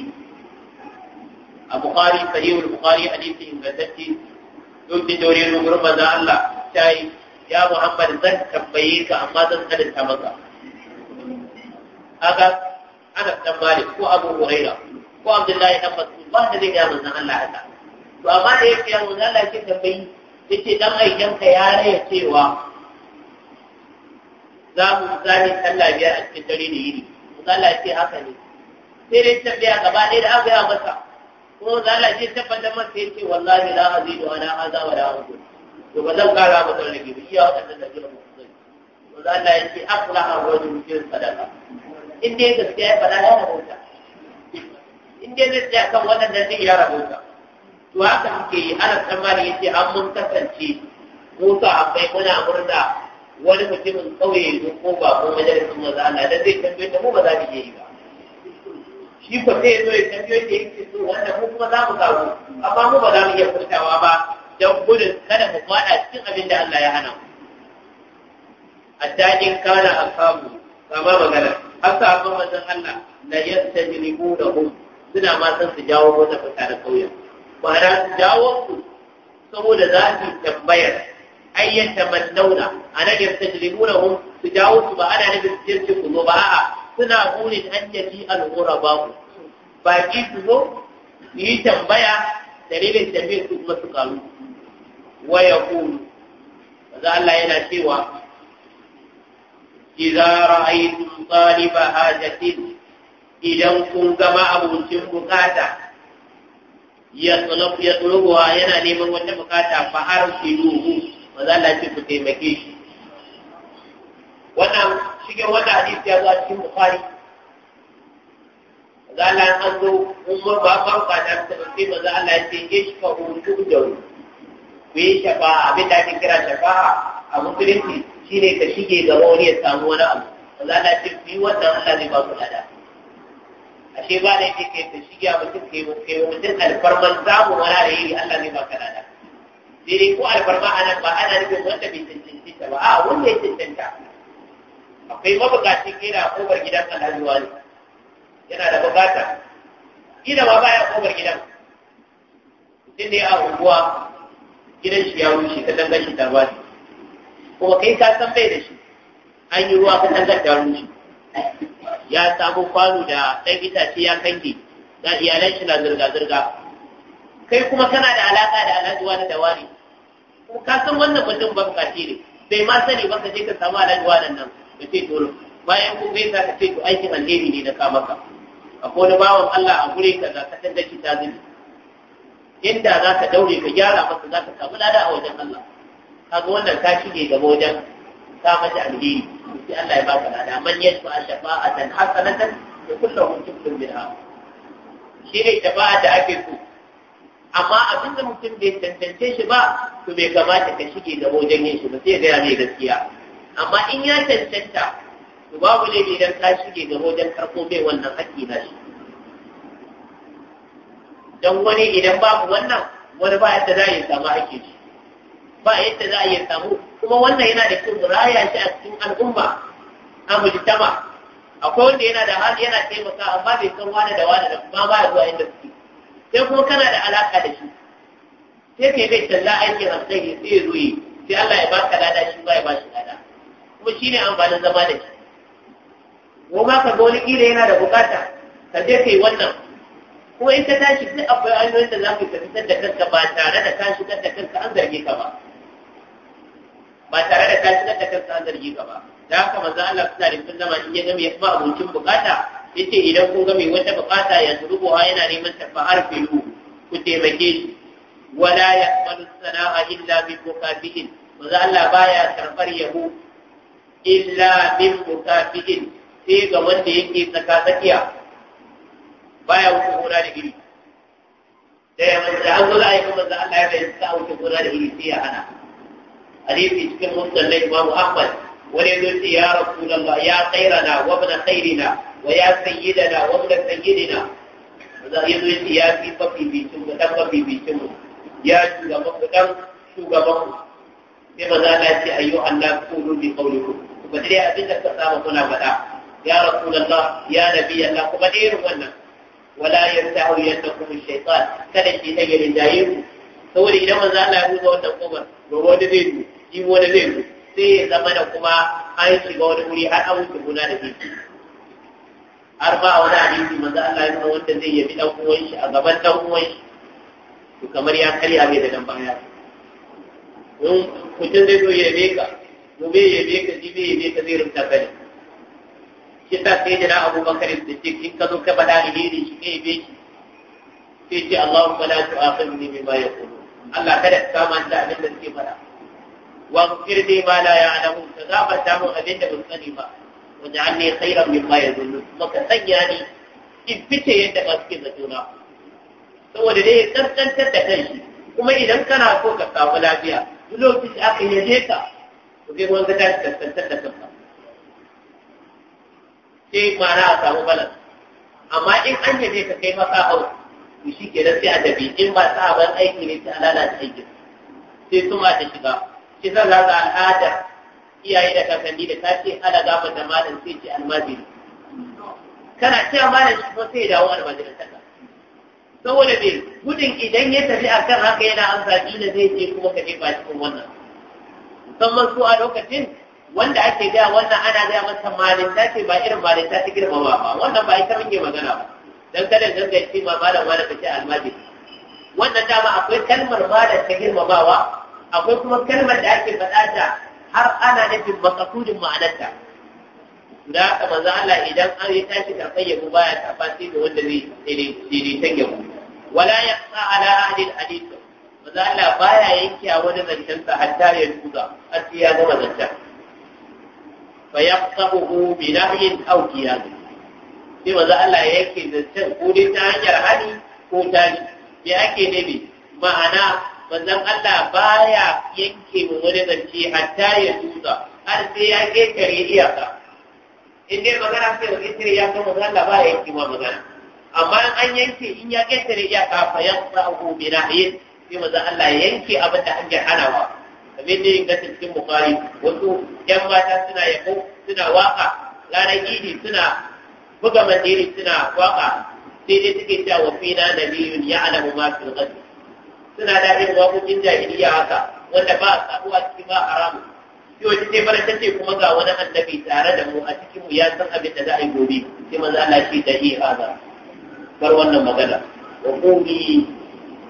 a bukhari sahih al-bukhari hadisi ingantacce duk da daure rubar maza Allah ta yi ya Muhammad zan tambaye ka amma zan kadanta maka aga Anas dan Malik ko Abu Hurairah ko Abdullahi dan Mas'ud ba da zai ga manzon Allah haka to amma da yake manzon Allah ke tambayi yace dan aikin ka ya raya cewa za mu zami sallah biyar a cikin dare da yini Allah ya ce haka ne sai dai tabbaya gaba ɗaya da aka yi masa kuma Allah ya ce tabbatar masa ya ce wallahi la azidu wa la haza wa la hudu to ba zan kara ba da rage ba iya wadannan da jira musulmi wanda Allah ya ce aflaha wa yujir sadaka in dai gaskiya ya fada ya rabota in dai zai tsaya kan wadannan zai ya rabota to haka muke yi ana tsammani ce an mun kasance ta akwai muna murna wani mutumin kauye ya ko ba ko sun maza Allah da zai tambaye ta mu ba za mu iya yi ba shi ko sai zo ya tambaye ta yake so wanda mu kuma za mu samu amma mu ba za mu iya furtawa ba don gudun kada mu faɗa cikin abin da Allah ya hana mu A addajin kana asabu kama magana haka abin wajen Allah la da lahum suna ma san su jawo wata fita da kauyen ma'ana su jawo su saboda za su tambayar ai yatamannauna ana yastajlibunahum su jawo su ba ana nufin sirce ku ba a'a suna burin an yaji al-ghuraba ba su zo yi tambaya dalilin da bai su kuma su kalu wa yaqulu da Allah yana cewa idza ra'aytum taliba hajatin idan kun ga ma'abucin bukata ya tsalabu ya tsalabuwa yana neman wata bukata fa ruhu maza Allah ce ku taimake shi wannan shigen wannan hadisi ya zo a cikin bukari maza Allah ya zo umar ba ba ba ta ta sai maza Allah ya ce ke wuri duk da wuri. ku yi shafa abin da ake kira shafa a musulunci shine ka shige gaba wani ya samu wani abu maza Allah ce ku yi wannan Allah zai ba ku lada ashe ba da yake kai ta shige a mutum ke mutum alfarman samu wani da yi Allah zai ba ka lada dai eh, ko alfarma anan ba ana nufin wanda bai cancanci ta ba a wanda ya cancanta akwai mabukaci kila kofar gidan alhaji wani yana da bukata kila ma baya kofar gidan mutum ne a unguwa gidan shi ya rushe ka danga shi ta bani kuma kai ka san bai da shi an yi ruwa ka danga ta ya samu kwano da ɗan itace ya kange ga iyalan shi na zirga-zirga kai kuma kana da alaka da alhaji wani da wani ka san wannan mutum ba ka ne bai ma sani ba ka je ka samu alhaji wannan nan ya ce to bayan kun za ka ce to aikin alheri ne na ka maka akwai wani bawan Allah a gure ka za ka tanda shi ta zubi inda za ka daure ka gyara masa za ka samu lada a wajen Allah ga wannan ka shige gaba wajen ta mata alheri sai Allah ya baka lada man a shafa'atan hasanatan ya kullahu tukun bil'a shi ne shafa'a da ake so amma abin da mutum bai tantance shi ba to bai gabata ka shige da wajen yin shi ba sai gaya mai gaskiya amma in ya tantanta to babu ne idan ka shige da wajen karko bai wannan haƙƙi na shi don wani idan babu wannan wani ba yadda za a yi samu haƙƙi shi ba yadda za a yi samu kuma wannan yana da kyau raya shi a cikin al'umma a mujtama akwai wanda yana da hali yana taimaka amma bai san wani da wani da kuma ba ya zuwa inda suke sai kuma kana da alaka da shi sai kai bai talla aikin a sai ya zo yi sai Allah ya baka lada shi ba ya bashi lada kuma shine amfanin zama da shi ko ma ka ga wani kila yana da bukata ka je kai wannan kuma in ka tashi duk akwai hanyoyin da za ka fitar da kanka ba tare da ka shigar da kanka an zarge ka ba ba tare da ka shigar da kanka an zarge ka ba da haka manzo Allah sallallahu alaihi wasallam in ya ga mai ba abincin bukata yace idan ku ga mai wata bukata yanzu rubuwa yana neman ta fa'arfilu ku taimake shi wala yaqbalu sana'a illa bi mukafihin maza Allah baya karbar yabo illa bi mukafihin sai ga wanda yake tsaka tsakiya baya wuce gona da iri da ya zo za a yi kuma za Allah ya bayyana ta wuce gona da iri sai ya hana hadisi cikin musulmai babu Ahmad wani ya zo ya rasu rasulullah ya khairana wa ibn khairina wa ya sayyidana wa ibn sayyidina maza ya zo ya fi mabibicin mu dan mabibicin mu ya shugaban mu dan shugaban mu sai maza na ce ayyu Allah qulu bi qawlikum kuma dai abin da ka saba kuna faɗa ya rasulullah ya nabi Allah kuma dai irin wannan wala yantahu yantakum ash-shaytan kada shi ta gidan daye ku saboda idan manzo Allah ya buɗe wannan kofar to wani zai zo in wani zai zo sai ya zama da kuma an shiga wani wuri har an wuce guna da shi har ba wani hadisi manzo Allah ya nuna wanda zai yabi dan uwan shi a gaban dan uwan shi to kamar ya karya mai da dan baya in mutum zai zo ya yabe ka gobe ya yabe ka jibe ya yabe ka zai rubuta ka ne shi ta sai da Abubakar Siddiq in ka zo ka bada alheri shi ne yabe shi sai ce Allahumma la tu'akhidni bima yaqulu Allah kada ka kama da abin da suke fada wa firni ma la ya'lamu ka zaba samu abin da ban sani ba waj'alni khayran bayar yadhunnu kuma ka sanya ni in fice yadda ba suke zatona saboda dai ya kaskantar da kanshi kuma idan kana so ka samu lafiya duk lokacin da aka yaje ka to kai wanda ta kaskantar da kanka sai mara a samu balan amma in an yaje ka kai masa hau to shi ke sai a tafi in ba sa ban aiki ne ta lalata aikin sai suma ta shiga shi zan lalata al'ada iyaye da kakanni da ta ce ana gafa da malam sai ce almajiri kana cewa malam shi ko sai dawo almajirin ta saboda me gudun idan ya tafi a kan haka yana amsa da zai je kuma ka je ba cikin wannan musamman su a lokacin wanda ake gaya wannan ana gaya masa ta ce ba irin malinta ta girma ba wannan ba ita muke magana ba dan kada shi ma malam wala kace almajiri wannan dama akwai kalmar malam ta girmamawa akwai kuma kalmar da ake faɗa ta har ana nufin makasudin ma'anarta da haka manzo Allah idan an yi tashi karɓar yabo baya ta sai da wanda zai ta yabo wala ya sa ala ahli hadith manzo Allah baya a wani zancen sa hatta ya duka har sai ya gama zancen fa yaqtahu bi nahyin aw qiyam sai manzo Allah ya yanke zancen ko dai ta hanyar hali ko tashi. me ake nabi ma'ana manzan Allah baya yanke mu wani zance hatta ya dusa har sai ya kekare iyaka in dai magana sai ya kama zan Allah ba ya yanke ma magana amma an yanke in ya kekare iyaka fa yaqra'u bi nahyin sai manzon Allah ya yanke abin da an hana wa kamar ne in gasa cikin bukari wasu yan mata suna yabo suna waka ranar idi suna buga mandiri suna waka sai dai suke cewa wa fina nabiyun ya ma masu ghaibi suna da irin waƙoƙin jahiliya haka wanda ba a saduwa cikin ba haramu yau ce fara ta ce kuma ga wani annabi tare da mu a cikin mu ya san abin da za a yi gobe sai manzo Allah shi da yi haza bar wannan magana wa qumi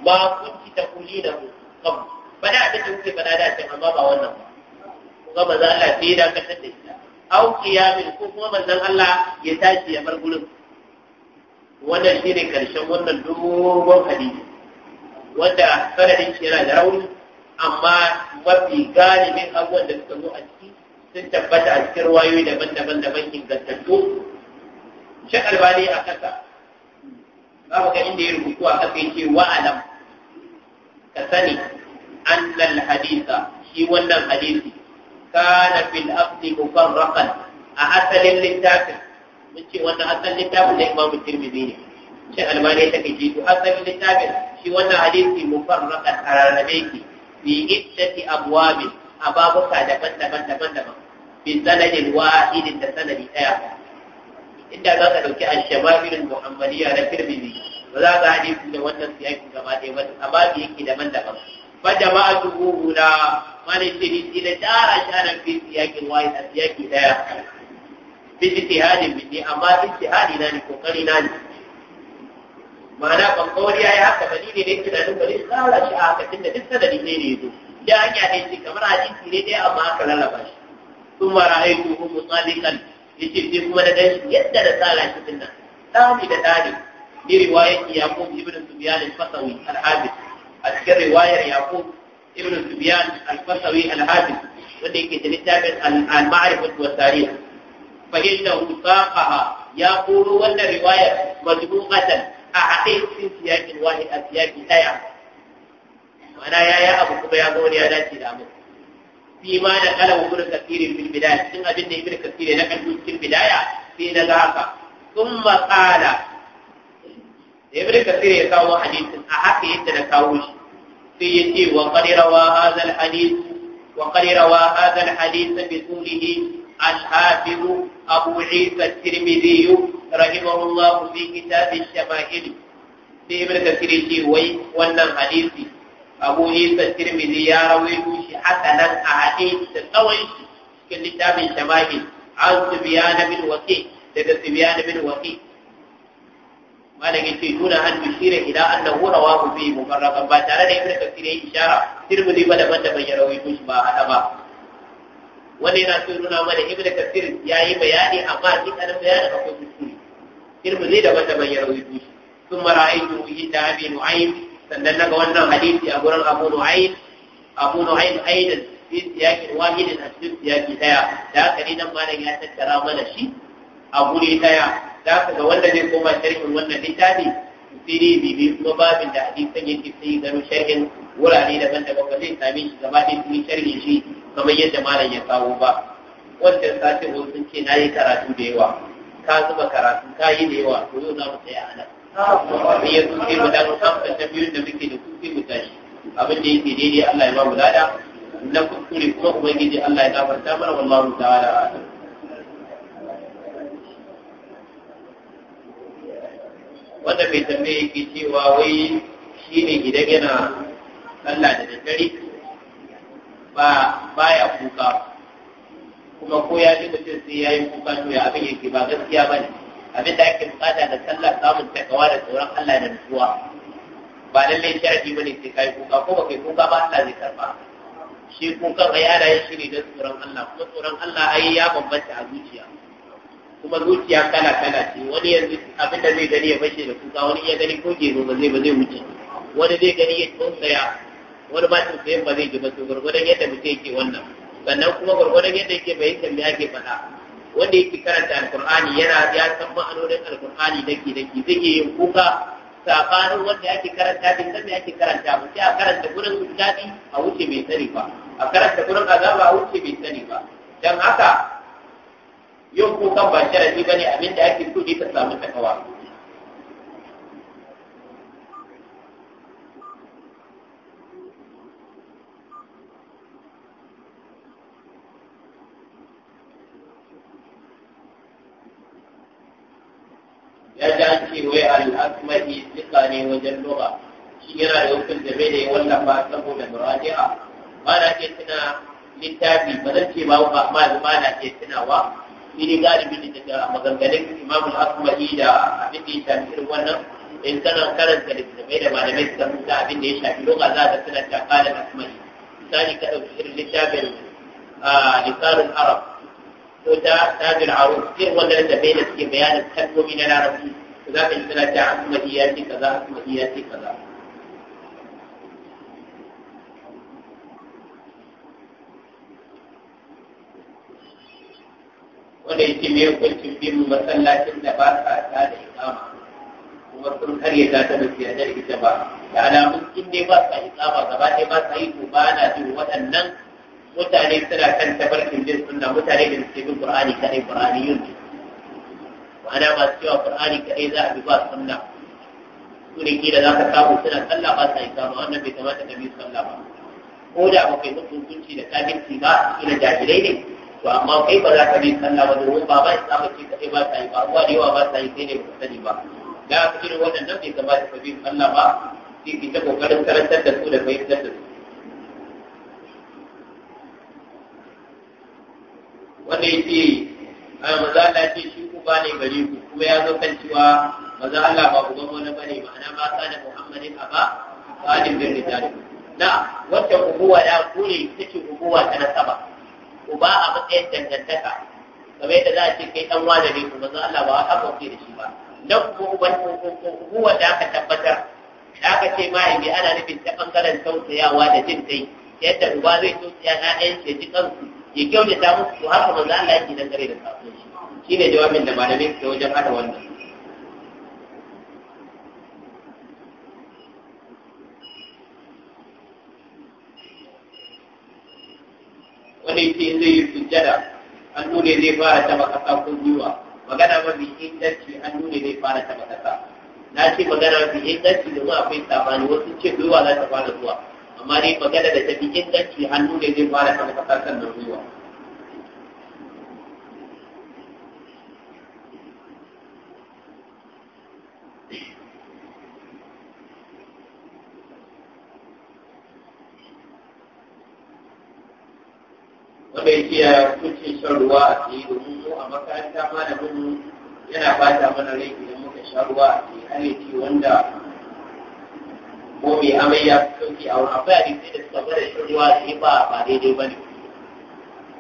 ma kunti taqulina qab bada da kuke bada da ce amma ba wannan ba kuma manzo Allah sai da ka tada shi au qiyamil ko kuma manzon Allah ya tashi ya bar gurin wannan shine karshen wannan dogon hadisi wanda sanadin shi yana da rauni amma mafi galibin abubuwan da suka zo a ciki sun tabbata a cikin wayoyi daban-daban daban ingantattu shi albani a kasa za mu ga inda ya rubutu a kasa yace wa'alam ka sani an annal hadisa shi wannan hadisi kana fil asli mufarraqan a asalin littafin mun ce wannan asalin littafin da imamu tirmidhi ne shi albani ya take ji to asalin littafin shi wannan hadisi mufarraqan ararabe ki bi iddati abwabin ababuka daban-daban daban-daban bi sanadin wahidin da sanadi daya inda za ka dauki al-shama'il muhammadiyya na tirmidhi ba za ka hadisi da wannan siyaki gaba ɗaya ba amma bi yake daban-daban fa jama'atuhu huna mana ce ni da tara shanan fi siyakin wahid a siyaki daya bi ijtihadin bi amma ijtihadi na ne kokari na ne ma'ana bankawar ya yi haka bani ne ne tunanin bari tsara shi a haka tunda duk sanadi ne ne zo da hanya ne ce kamar hadisi ne dai amma aka lalaba shi sun mara aiki ko musalikan ya ce sai kuma na ganshi yadda da tsara shi tunda tsari da tsari ni riwayar yaqub ibn subyan al-fasawi al-habib a cikin riwayar yaqub ibn subyan al-fasawi al-habib wanda yake da littafin al-ma'rifat wa tarikh fa innahu saqaha ya qulu wannan riwayar madbuqatan أعطيه في سياق واحد أسياق لا يعمل وأنا يا يا أبو كبيانون يا ناتي الأمر فيما نقله ابن كثير في البداية ثم أبن ابن كثير نقله في البداية في نزاقة ثم قال ابن كثير يكاو حديث أحق يتنكاوش في يتي وقد روى هذا الحديث وقد روى هذا الحديث بطوله الحافظ أبو عيسى الترمذي رحمه الله في كتاب الشمائل في ابن كثير شيوي وانا حديثي أبو عيسى الترمذي يا رويته حسنا أحاديث تسوي في كتاب الشمائل عن سبيان بن وكيع لدى سبيان بن وكيع malam yace duna an bishira ila annahu rawahu fi mufarraqan ba tare da ibnu kathir ya ishara tirmidhi ba daban daban ya rawaito shi ba hada ba wanda yana so nuna mana ibnu kasir yayi bayani amma duk an bayani akwai kuskure tirmidhi da wanda ban mara shi ثم رأيته عند أبي نعيم sannan naga wannan hadisi a gurin Abu Nu'aym Abu Nu'aym aidan fi siyaqin wahidin a cikin siyaqi daya da haka ne nan malam ya tattara mana shi a guri daya da ka ga wanda zai koma sharhin wannan littafi siri bibi ko babin da hadisan yake sai gano sharhin wurare daban-daban ba zai same shi gaba ɗaya sun sharhin shi kamar yadda malam ya kawo ba wanda sati ko sun ce na yi karatu da yawa ka zuba karatu ka yi da yawa ko yau za mu tsaya a nan sai ya zo sai mu dan ta biyun da muke da kuke mu tashi abin da yake daidai Allah ya ba mu lada na kuskure kuma ubangiji Allah ya gafarta mana wallahu ta'ala a'lam wanda mai tambaye yake cewa wai shi ne idan yana sallah da daddare ba ya kuka kuma ko ya ji mutum sai ya yi kuka to ya abin yake ba gaskiya ba ne abin da ake bukata da sallah samun takawa da tsoron Allah da nutsuwa ba lallai sharadi ba ne sai ka yi kuka ko ba kai kuka ba Allah zai karba shi kuka ba yara yin shi ne don tsoron Allah kuma tsoron Allah ai ya bambanta a zuciya kuma zuciya kala kala ce wani yanzu abin da zai gani ya bashi da kuka wani ya gani ko gero ba zai ba zai wuce wani zai gani ya tsaya wani ba sayan ba zai ji ba to gwargwadon yadda mutum yake wannan sannan kuma gwargwadon yadda yake bayyana me ake faɗa wanda yake karanta alqur'ani yana ya san ma'anonin alqur'ani dake dake zai iya yin kuka sabanin wanda yake karanta din nan me yake karanta ba sai a karanta gurin dadi a wuce mai sani ba a karanta gurin azaba a wuce mai sani ba dan haka yin kan ba sharadi ba ne abin da ake so ne ka samu takawa ya ja an ce wai al'asmahi tsika ne wajen lura shi yana da hukun da bai da ya wallafa saboda muraji'a ba na ke tuna littafi ba zan ce ba ma zama na ke tunawa shi ne galibin da maganganun imam al-asma'i da abin da ya shafi irin wannan in kana karanta littattafai da malamai suka rubuta abin da ya shafi loka za ka suna ta kala al-asma'i misali ka ɗauki irin littafin lisanin arab ko ta tajin arab irin wannan littattafai da suke bayanin kalmomi na larabci za ka ji suna ta asma'i ya ce kaza asma'i ya ce kaza wanda yake mai hukuncin bin masallacin da ba sa ta da imama kuma sun karye ta ta mafi yadda da ita ba da alamun in dai ba sa imama gaba ɗaya ba sa yi ko ba na jin waɗannan mutane suna kan tabarkin bin sunna mutane da suke bin qur'ani kadai qur'ani yun ne ma'ana su cewa qur'ani kadai za a bi ba sunna su ne kila za ka samu suna sallah ba sa imama wannan bai kamata da bi sallah ba ko da ba kai mutuncin da kafirci ba ina jahilai ne to amma kai ba za ka bi sallah ba domin ba ba islamu ce kaɗai ba ta yi ba ruwa da yawa ba ta yi sai ne ba sani ba da aka irin waɗannan bai ba ka bi sallah ba sai ki ta kokarin karantar da su da fahimtar da su wanda yake maza Allah ce shi ku ba ne gare ku kuma ya zo kan cewa maza Allah ba ku gama wani ne ma'ana ba sa da Muhammadin a ba tsarin da rijali na wacce hukuwa ya kure take hukuwa ta nasaba uba a matsayin dangantaka game da za a ce kai dan wada ne kuma zan Allah ba a da shi ba dan ko uwa da aka tabbatar da aka ce ma yi ana nufin ta bangaren tausayawa da jin kai yadda uba zai tausaya ƴaƴan shi ji kansu ya ta musu to haka ba za Allah yake dangare da kafin shi ne jawabin da malamin ke wajen hada wannan in zai yi sujjada an nune zai fara taba kasa ko gwiwa magana mafi inganci an nune zai fara taba kasa na ce magana mafi inganci domin akwai tsammani wasu ce gwiwa za ta fara zuwa amma dai magana da ta fi inganci hannu nune zai fara taba kasa sannan gwiwa bibiya kuncin shan ruwa a tsaye domin mu a makaranta malamin yana bata mana rai idan muka sha ruwa a tsaye halitti wanda ko amai ya fi sauki a wani akwai hadisi da suka bada shan ruwa a tsaye ba ba daidai ba ne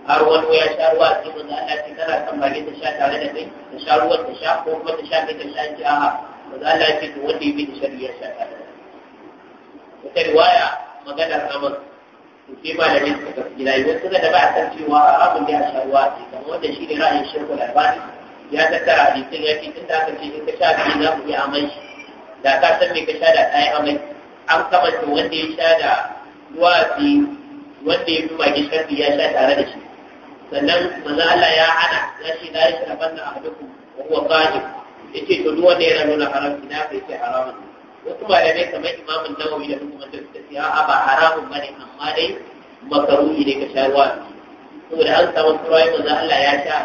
har wani ya sha ruwa a tsaye wanda ana ce kana kan mage ta sha tare da kai ta sha ruwan ta sha ko kuma ta sha kai ta sha ki ba za Allah ce to wanda ya bi ta sha ya sha tare da kai. Wata riwaya maganar amur to sai malamin suka fi gida idan suka da ba a san cewa haramun ne a sharuwa ce kamar wanda shi ne ra'ayin shirkul albani ya tattara hadisin ya fi. tun da aka ce in ka sha biyu za ku yi amai da ka san me ka sha da ɗaya amai an kamanta wanda ya sha da duwatsi wanda ya fi mage shafi ya sha tare da shi sannan maza Allah ya hana ya ce la yashrabanna ahadukum wa huwa qa'im yace to duk wanda yana nuna haram ina kai ce haramun wasu malamai kamar imamun nawawi da hukumar da suka ce a'a ba haramun bane amma dai makaru ne ka sha ruwa saboda an samu turai manzo Allah ya sha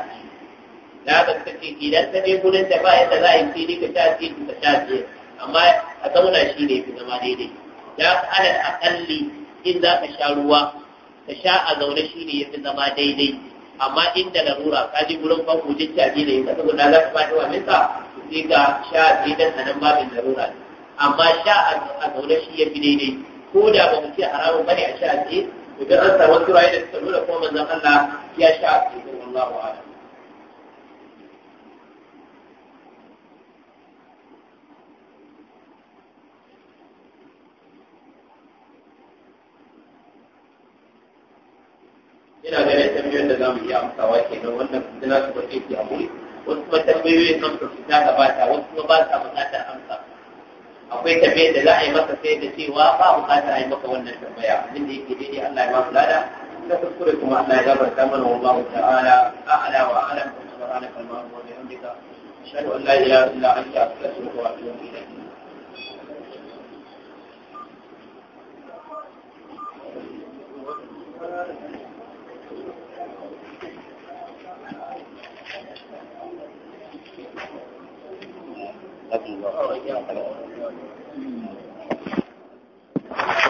da ka suka ce idan ka je gurin da ba yadda za a yi ne ka sha ce ka sha ce amma a zauna shi ne fi zama daidai da ala akalli in za ka sha ruwa ka sha a zaune shi ne ya fi zama daidai amma inda larura ka ji gurin famfo da ne ka saboda za ka fadi wa minka sai ka sha a nan babin larura ne amma sha a zaune shi ya fi daidai ko da ba mu ce haramun bane a sha a ce idan an samu wasu rayu da suka nuna kuma manzan Allah ya sha a Allah wa a'lam ina ganin tambayoyin da za mu wa amsawa nan, wannan kuma na su ba ke hakuri wasu kuma tambayoyin kan su fita gabata wasu kuma ba sa bukatar amsa akwai tambayar da za a yi masa sai da cewa ba bukatar a yi maka wannan tambaya abin da yake daidai Allah ya masu lada na kuskure kuma Allah ya gabarta mana wallahu ta'ala a'ala wa a'lam wa subhanaka allahumma wa bihamdika ashhadu an la ilaha illa anta astaghfiruka wa atubu ilayk Thank you. لكن